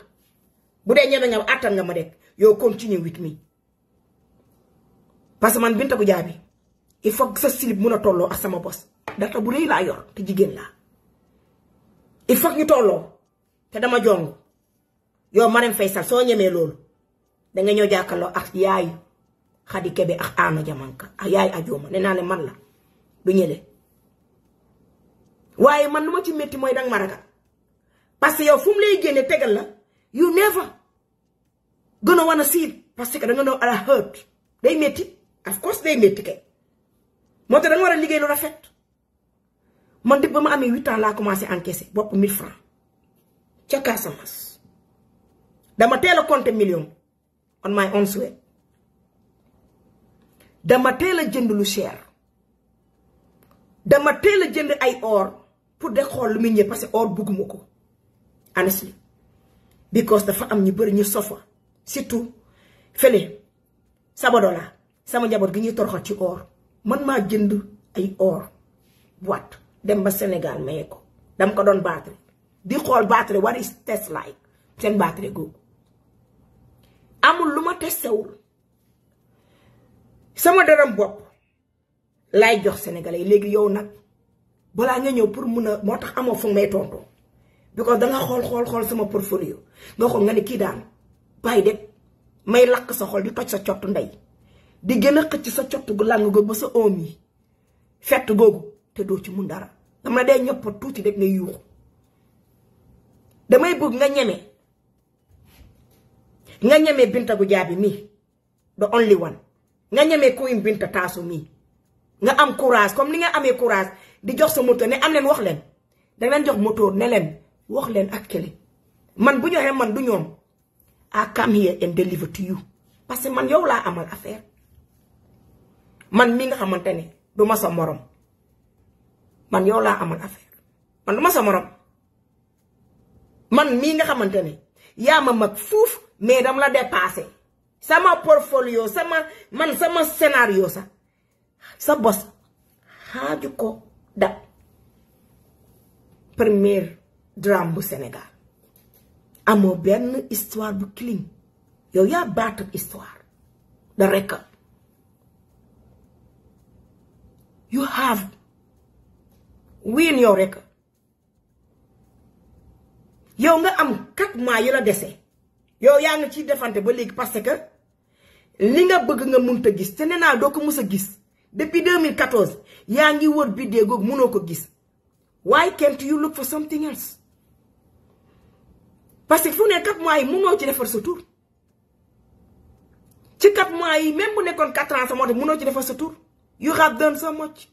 bu dee ñeme nga attan nga ma rek yow continue with me parce que man Binta bu jaabi il faut que sa slip mun a tolloo ak sama bos data bu rëy laa yor te jigéen laa il faut ñu tolloo te dama jong yow Marème fay Sall soo ñemee loolu. da nga ñoo jàkkaloo ak yaay xadi kebe ak aano jamanka ak yaay ajooma ne naale man la du ñele waye man lu ci metti moy dang maraka parce yow fum lay gene tegal la you never gonna wanna see parce que da nga no ala hurt day metti of course day metti kay mo te da nga war lu rafet man de bama amé 8 ans la commencé encaisser bop 1000 francs ca Casamance dama téla compter million on my own sweat. dama teel a jënd lu cher dama teel ay or pour de xool lu muy parce que or bugguma ko honestly because dafa am ñu bëri ñu sofa surtout fële dola, sama jabot gi ñuy toroxal ci or man ma jënd ay or boîte dem ba Sénégal maye Dam ko don batterie di xool batterie what is test like Sen batterie googu amul luma ma sama daram bop lay jox sénégalais légui yow nak bala nga ñew pour mëna motax amo fu may tonto because da nga xol xol xol sama portfolio nga xol nga ni ki daan bay dé may lakk sa xol di toj sa ciot nday di gëna xëc ci sa ciot gu lang googu ba sa omi fett te do ci mun dara dama dé ñëpp tuuti ngay damay bëgg nga ñëmé nga ñemee Binta Goudiaby mii the only one nga ñemee Queen Binta Taasu mii nga am courage comme ni nga amee courage di jox sa moto ne am leen wax leen da jox moto ne leen wax leen ak kële man bu ñoxee man du ñoom I come here and deliver to parce que man yow laa amal affaire man mi nga xamante ne du ma sa morom man yow laa amal affaire man du ma sa man mii nga xamante ne yaa ma mag fuuf mais dama la dépassé sama portfolio sama man sama scénario sa sa bos xaaju ko dab première drame bu Sénégal amoo benn histoire bu clean yow yaa baat histoire da rekk you have win yow rekk yow nga am quatre mois yu la dese yow yaa ngi ciy defante ba léegi parce que li nga bëgg nga mënut a gis te nee naa doo ko mës a gis depuis 2014 yaa ngi wër biddéew googu mënoo ko gis why can't you look for something else parce que fu ne quatre mois yi mënoo ci defar sa tur ci quatre mois yi même bu nekkoon quatre ans sa moo mënoo ci defar sa tur yu have done sa much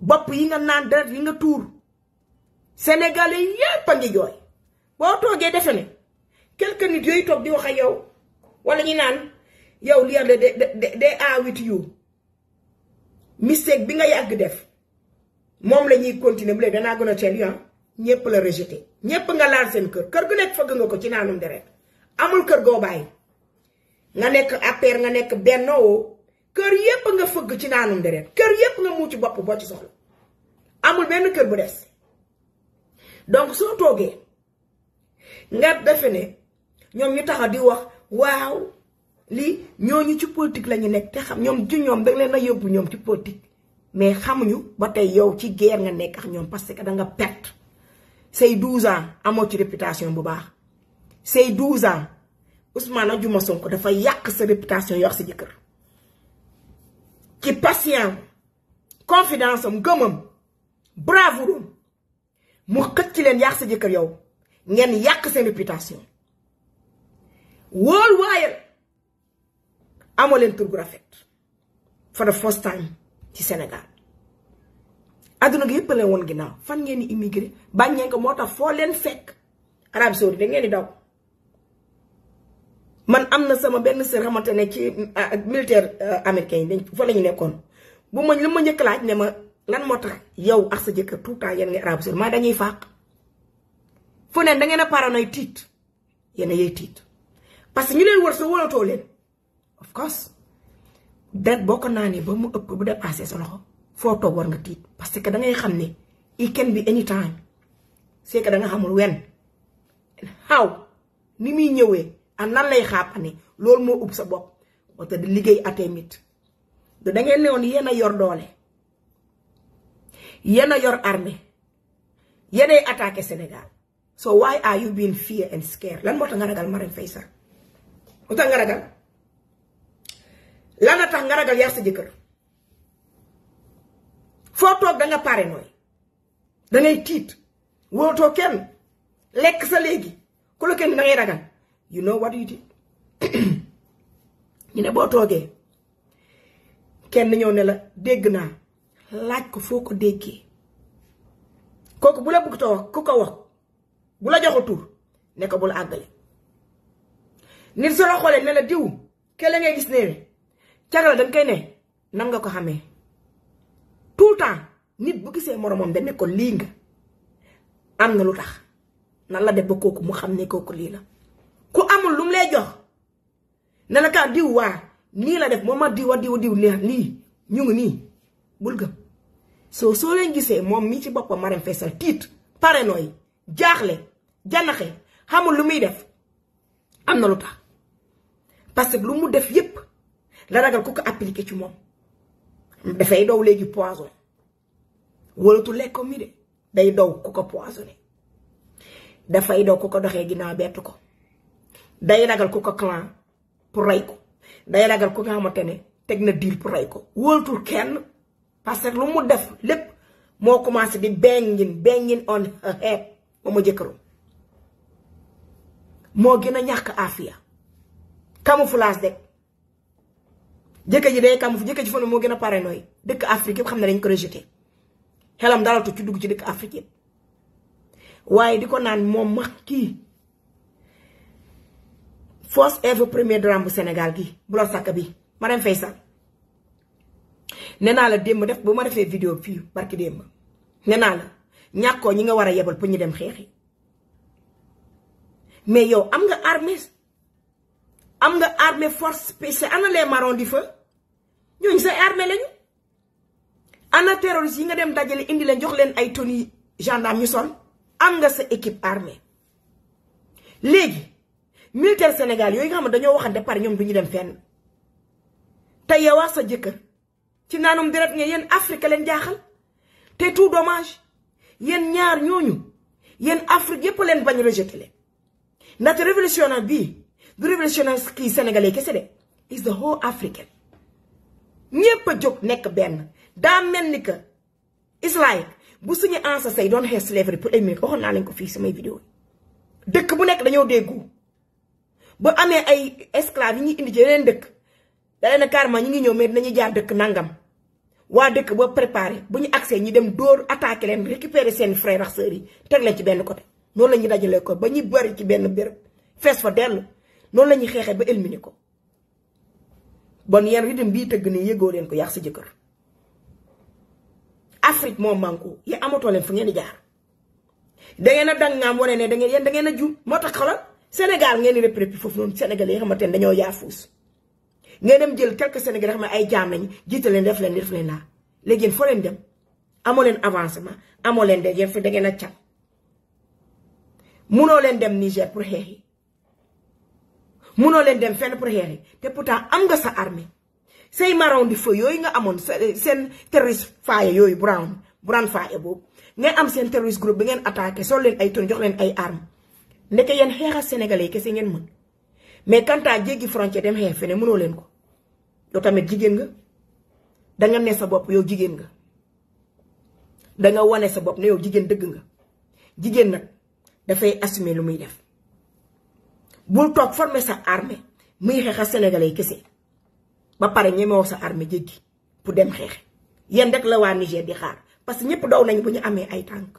bopp yi nga naan deret yi nga tuur sénégalais yépp a ngi jooy boo toogee defe ne quelque nit yooyu toog di wax ak yow walla ñu naan yow li de de de are with you mistake bi nga yàgg def moom la ñuy continuer bu leen danaa gën a teel yoon ñëpp la rejeté ñëpp nga laal seen kër kër gu nekk fëgg nga ko ci naanum deret amul kër goo bàyyi nga nekk APR nga nekk bennoo kër yépp nga fëgg ci naanum deret kër yépp nga muuc bopp boo ci soxla amul benn kër bu des donc soo toogee. nga defe ne ñoom ñu taxaw di wax waaw lii ñooñu ci politique la ñu nekk te xam ñoom ju ñoom danga leen a yóbbu ñoom ci politique mais xamuñu ba tey yow ci guerre nga nekk ak ñoom parce que da nga perte say 12 ans amoo ci réputation bu baax say 12 ans Ousmane Juma Sonko dafa yàq sa réputation yor sa jëkkër ci patient confidence am gëmam bravoure mu xëcc leen yàq sa jëkkër yow. ngeen yak seen réputation wol wayal amoo leen gu rafet for the first time ci Sénégal aduna gi yëpp leen woon ginnaaw fan ngeen di immigré bañ ngeen ko motax fo len leen fekk Arabie Saoudite da ngeen di daw man amna sama benn sœur xamante ne ci ah, militaire euh, américain dañ fa la ñu bu ma li ma laaj ne ma lan motax yow ak sa jëkkër tout temps yeen nga arab saoudi ma dañuy faq fu ne da ngeen a paranoïde tiit yéen a yee tiit parce que ñu leen war sa wóolatoo leen of course da boo naa naanee ba mu ëpp bu dépassé sa loxo foo toog war nga tiit parce que da ngay xam ni it can be any time c'est da nga xamul wenn xaw ni muy ñëwee am nan lay xaapane loolu moo ëpp sa bopp wata liggéey atemit du da ngeen ne woon yéen a yor doole yéen a yor armée yéenay attaque Sénégal. so why are you being fear and scared lan moo tax nga ragal Marème Faye Sall lu tax nga ragal lan la tax nga ragal yar sa jëkkër foo toog da nga pare nooy dangay ngay tiit wóotoo kenn lekk sa léegi ku la kenn da ngay ragal you know what you did ñu ne boo toogee kenn ñëw ne la dégg naa laaj ko foo ko déggee kooku bu la bëgg too ku ko wax. bu la joxul tur ne ko bul àggale nit su la xoolee ne la diw kële ngay gis ne cagala danga koy ne nan nga ko xamee tout le temps nit bu gisee moromam da ne ko lii nga am na lu tax nan la def ba kooku mu xam ne kooku lii la ku amul lu mu lay jox ne kaa diw waa nii la def moom ma diw a diw diw nii ñu ngi nii bul gëm soo soo leen gisee moom mi ci boppam Marième Faye Sall tiit paranoïa jaaxle janaxe xamul lu muy def am na lu tax parce que lu mu def yëpp la ragal ku ko appliqué ci moom dafay daw léegi poison walatu lekko mi de day dow ku ko poisonné dafay daw ku ko doxee ginnaaw bett ko day ragal ku ko clan pour rey ko day ragal ku nga xamante ne teg na diil pour rey ko wóolatul kenn parce que lu mu def lépp moo commencé di bangin bangin on her head ba ma jëkkëram moo gën a ñàkk afiya camouflage de jëkkër ji day camouflage jëkkër ji fa ne moo gën a pare nooy dëkk Afrique yëpp xam ne dañ ko rejeté xelam dalatu ci dugg ci dëkk Afrique yëpp waaye di ko naan moom max kii force ever premier drame bu Sénégal gi bu la sàkk bi Marème Faye Sall nee la démb def bu ma defee vidéo fii barki démb nee naa la ñàkkoo ñi nga war a yebal pour ñu dem xeexi mais yow am nga armée am nga armée force spéciale ana les marrons du feu ñooñu sa armée lañu ana terroriste yi nga dem dajale indi leen jox leen ay tenue gendarme ñu sol am nga sa équipe armée léegi militaire Sénégal yooyu nga xam ne dañoo waxante par ñoom du ñu dem fenn te yow sa jëkkër ci naanum deret nga yéen Afrique leen jaaxal te tout dommage yéen ñaar ñooñu yéen Afrique yépp leen bañ rejeté leen ndaxte révolutionnaire bii du révolutionnaire kii sénégalais kese de is the whole african ñépp a jóg nekk benn daa mel ni que is bu suñu ancêtres yi doon xeex slavery pour ay minutes waxoon naa leen ko fii samay vidéo yi dëkk bu nekk dañoo déggu ba amee ay esclaves yi ñu indi ci yeneen dëkk da leen carrément ñu ngi ñëw mais dinañu jaar dëkk nangam waa dëkk ba préparé bu ñu accès ñu dem dóor attaqué leen récupérer seen frères ak sœurs yi teg leen ci benn côté noonu lañuy ñuy dajalee ko ba ñu bari ci benn béréb fees fa dell noonu la ñuy xeexee ba ni ko bon yeen rythme bii tëgg nii yëgoo leen ko yàq sa jëkkër Afrique moom manko ya amatoo leen fu ngeen di jaar dangeen a dangaam wane ne dangeen yéen dangeen a jum moo tax xoolal Sénégal ngeen di réprimer foofu noonu senegal yi nga xamante ne dañoo yaafuus ngeen dem jël quelques Sénégal yi nga xam ne ay jaam nañ jiite leen def leen def leen laa léegi yéen foo leen dem amoo leen avancement amoo leen de yéen fi dangeen a cam Munolendem len dem Niger pour xeexi muno len dem fenn pour xeexi te pourtant am nga sa armée say marron di feu yoy nga amone sen terroriste faaye yoy brown brown faaye bob ngay am sen terroriste groupe bi ngeen attaquer sol len ay ton jox len ay arme ndeke yeen xeexal sénégalais kessé ngeen mën mais quant à jéggi frontière dem xeex fene muno len ko do tamit jigen nga danga ne sa bop yow jigen nga danga wane sa bop ne yow jigen deug nga jigen nak dafay assumer lu muy def bul toog former sa armée muy xeexa sénégalais yi kese ba pare ñemewoo sa armée jéggi pour dem xeex yéen rek la waa Niger di xaar parce que ñëpp daw nañu bu ñu amee ay tànk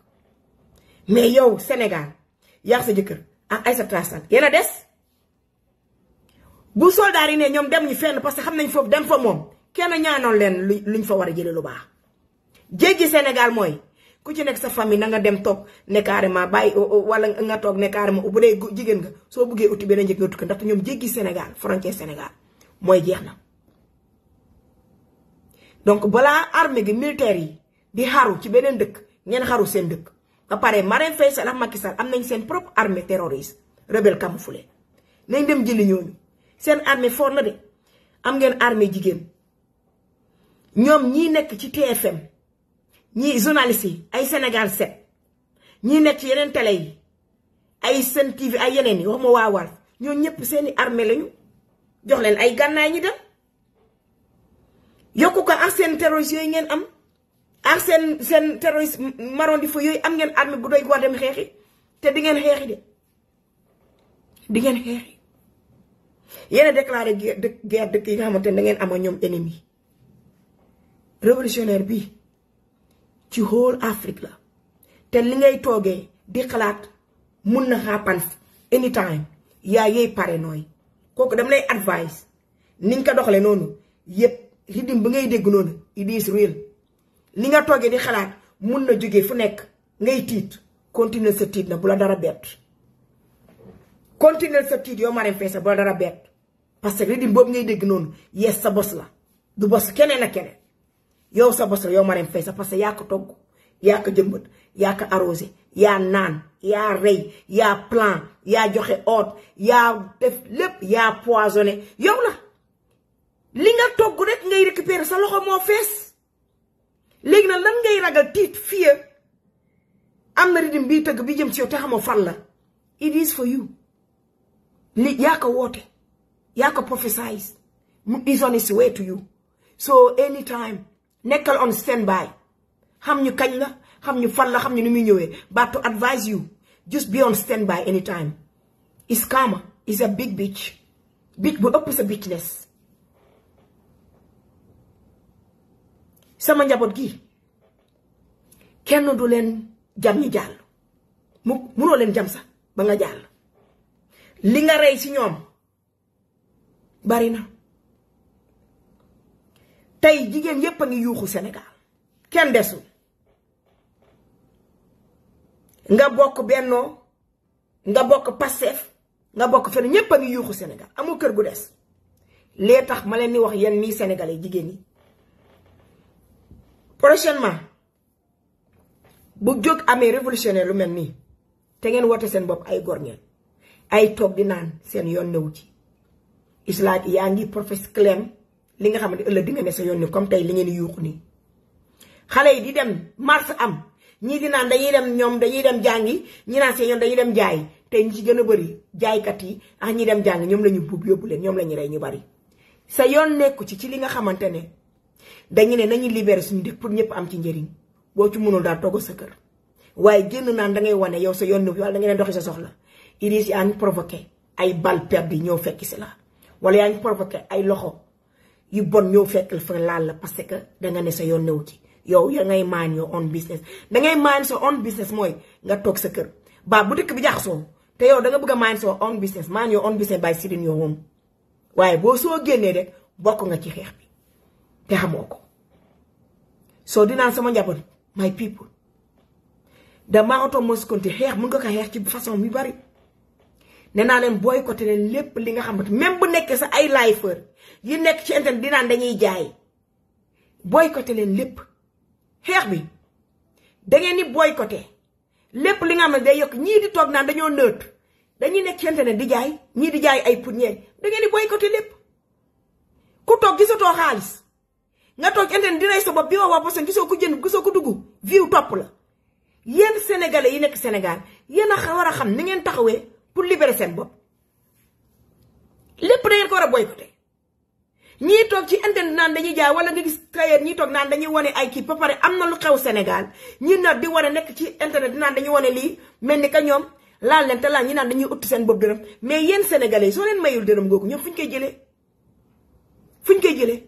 mais yow senegal yaa sa jëkkër ak Aïssata Tall Sall yéen a des bu soldaar yi ne ñoom dem ñu fenn parce que xam nañ foofu dem fa moom kenn ñaanoon leen luñ fa war a jëlee lu baax jéggi Sénégal mooy. ku ci nek sa fami na nga dem tok ne carrément bay wala nga tok ne carrément bu dee jigen nga so uti benen njëg nga tukki ndaxte ñoom jéggi Sénégal frontière Sénégal moy jeexna donc bala armée gi militaire yi di haru ci benen dëkk ñen haru sen dëkk ba paré marin Faye Sall ak Macky Sall am nañ sen propre armée terroriste rebelle camouflé nañ dem jëli ñooñu sen armée fort na dé am ngeen armée jigen ñom ñi nek ci TFM ñi journaliste yi ay Sénégal 7 ñi nek ci yeneen télé yi ay Sen TV ay yenen yi waxuma waawal ñoo ñepp seeni armée lañu jox leen ay gannaay ñi dem yokku ko ak sen terroriste yi ngeen am ak sen sen terroriste maroon di fa yooyu am ngeen armée bu doy go dem xexi te di ngeen xexi de di ngeen xexi yene déclarer guerre de guerre de ki nga xamante da ngeen am ak ñom ennemi révolutionnaire bi ci whole Afrique la te li ngay toogee di xalaat mun na happen anytime yaa pare nooy kooku dama lay advice ni nga ko doxalee noonu yëpp rythme bi ngay dégg noonu it is real nga toogee di xalaat mun na jóge fu nekk ngay tiit continuer sa tiit na bu la dara bett continuer sa tiit yow Marième Faye Sall bu la dara bett parce que rythme boobu ngay dégg noonu yes sa bos la du bos keneen ak keneen. yow sa bos la yow Marème Faye sa parce que yaa ko togg yaa ko jëmbat yaa ko arrosé yaa naan yaa rey yaa plan yaa joxe oot yaa def lépp yaa poisonné yow la li nga togg rek ngay récupérer sa loxo moo fees léegi nag lan ngay ragal tiit fii am na ridim bii tëgg bi jëm ci yow te xamoo fan la it is for you li yaa ko woote yaa ko prophesize is on its way to you so anytime nekkal on standby xam ñu kañ la xam ñu fan la xam ñu ni muy ñëwee but to advise you just be on standby anytime is karma. is a big bitch bitch bu ëpp sa bitchness sama njaboot gi kenn du len jam ñi jàll mu munoo leen jam sax ba nga jàll li nga rey ci ñoom bari na tey jigéen yépp a ngi yuuxu Sénégal kenn desul nga bokk bennoo nga bokk Pastef nga bokk fenn ñépp a ngi yuuxu Sénégal amul kër gu des lee tax ma leen ni wax yenn nii sénégalais jigéen ñi prochainement bu jóg amee révolutionnaire lu mel nii te ngeen woote seen bopp ay góor ay toog di naan seen yoon newu ci islaat yaa ngi professe clem li nga xamante ëllëg di nga ne sa yoon comme tay li ngeen xalé yi di dem mars am ñi di naan dañuy dem ñom dañuy dem jangi, ñi naan seen ñom dañuy dem jaay tay ñi ci gëna a jaay kat yi ah ñi dem jangi ñom lañu bub yobul leen ñom lañu ray ñu bari sa yoon ci ci li nga xamante ne dañu ne nañu libéré suñu dëkk pour ñëpp am ci njëriñ bo ci mënul da togo sa kër waye genn naan da ngay wane yow sa yoon ni wala da len doxi sa soxla iris yaa ngi ay bal perdi ñëw fekk ci la wala provoquer ay loxo yu bon ñëw fekk la fa laal la parce que danga ne sa yoon new ci yow ya ngay maan yow on business dangay maan sa on business mooy nga toog sa kër ba bu dëkk bi jaxasoo te yow da nga bëgg a maan sa on business maan yow on yow waaye boo soo génnee rek bokk nga ci xeex bi te xamoo ko soo dinaan sama njaboot my people dama oto moskonti xeex mën nga ko xeex ci façon mi bari nee naa leen boycotté leen lépp li nga xamante même bu nekkee sa ay lifer yi nekk ci internet di naan dañuy jaay boycotté leen lépp xeex bi da ngeen ni boycotté lépp li nga xam ne day yokk ñii di toog naan dañoo neutre dañuy nekk ci internet di jaay ñii di jaay ay pour ñeent da ngeen di boycotté lépp ku toog gisatoo xaalis nga toog internet di rey sa bopp di wax waa personne gisoo ko jënd gisoo ko dugg viw topp la yéen sénégalais yi nekk Sénégal yéen a a xam ni ngeen taxawee pour libere seen bopp lépp da ngeen ko war a boycotté. ñii toog ci internet naan dañuy jaay wala nga gis tailleur ñii toog naan dañuy wone ay kii ba pare am na lu xew Sénégal ñii nag di wane nekk ci internet di naan dañuy wane lii mel ni que ñoom laal leen te laal ñi naan dañuy utti seen bopp dërëm mais yéen sénégalais soo leen mayul dërëm googu ñoom fu ñu koy jëlee fu ñu koy jëlee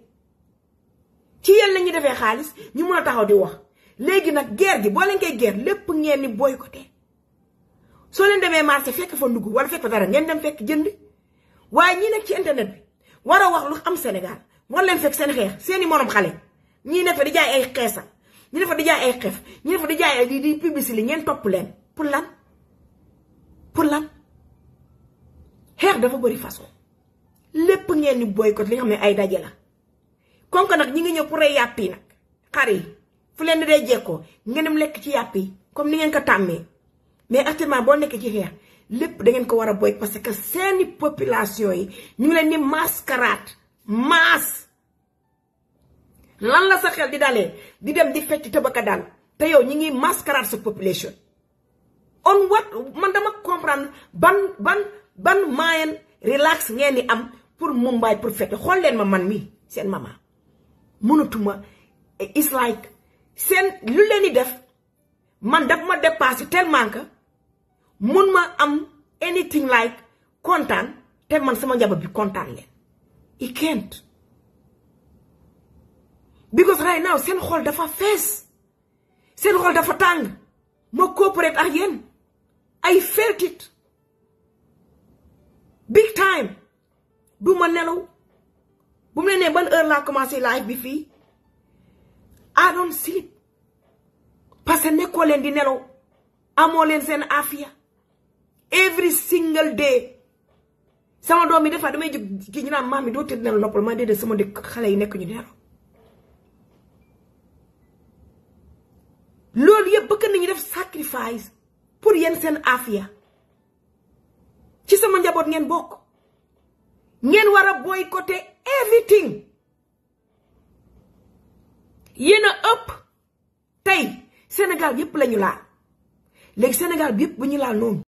ci yéen la ñuy defee xaalis ñu mun a taxaw di wax léegi nag geer gi boo leen koy guerre lépp ngeen ni booy ko boycotté soo leen demee marché fekk fa ndugg wala ngeen dem fekk jënd waaye ñi nekk ci internet bi war a wax lu am Sénégal war leen fekk seen xeex seeni morom xale ñii ne fa di jaay ay xeesa ñi ne fa di jaay ay xef ñi ne fa di jaay ay di publicité ngeen topp leen pour lan pour lan xeex dafa bëri façon lépp ngeen ni boycott li nga xam ne ay daje la kon nag ñi ngi ñëw pour ay yàpp yi nag xar yi fu leen di dee jekkoo ngeen dem lekk ci yàpp yi comme ni ngeen ko tàmmee mais actuellement boo nekkee ci xeex lepp da ngeen ko wara boy parce que seeni population yi ñu leen ni mascarade mas lan la sa xel di dalé di dem di fecc tabaka dal te yow ñi ngi mascarade sa population on what man dama comprendre ban ban ban mayen relax ngeen ni am pour Mumbai pour fecc xol leen ma man mi seen mama mënatuma it's like sen lu leen def man dafa ma dépasser tellement que mun ma am anything like content. te man sama njaboot bi content. leen he can't because right now seen xol dafa fees seen xol dafa tàng ma cooperate ak yéen I felt it big time du ma nelaw bu mu nee ban heure laa commencé live bi I don't sleep parce que nekkoo leen di nelaw amoo leen afia every single day sama doom yi des fois damay jóg kii ñu naan maam mi doo tëdd na loppal ma déedéet sama dëkk xale yi nekk ñu delloo. loolu yëpp bëgg nañu def sacrifice pour yéen seen afia ci sama njaboot ngeen bokk ngeen war a boycotter everything yéen a ëpp tey Sénégal yëpp lañu laal léegi senegal bi yëpp bu ñu laal noonu.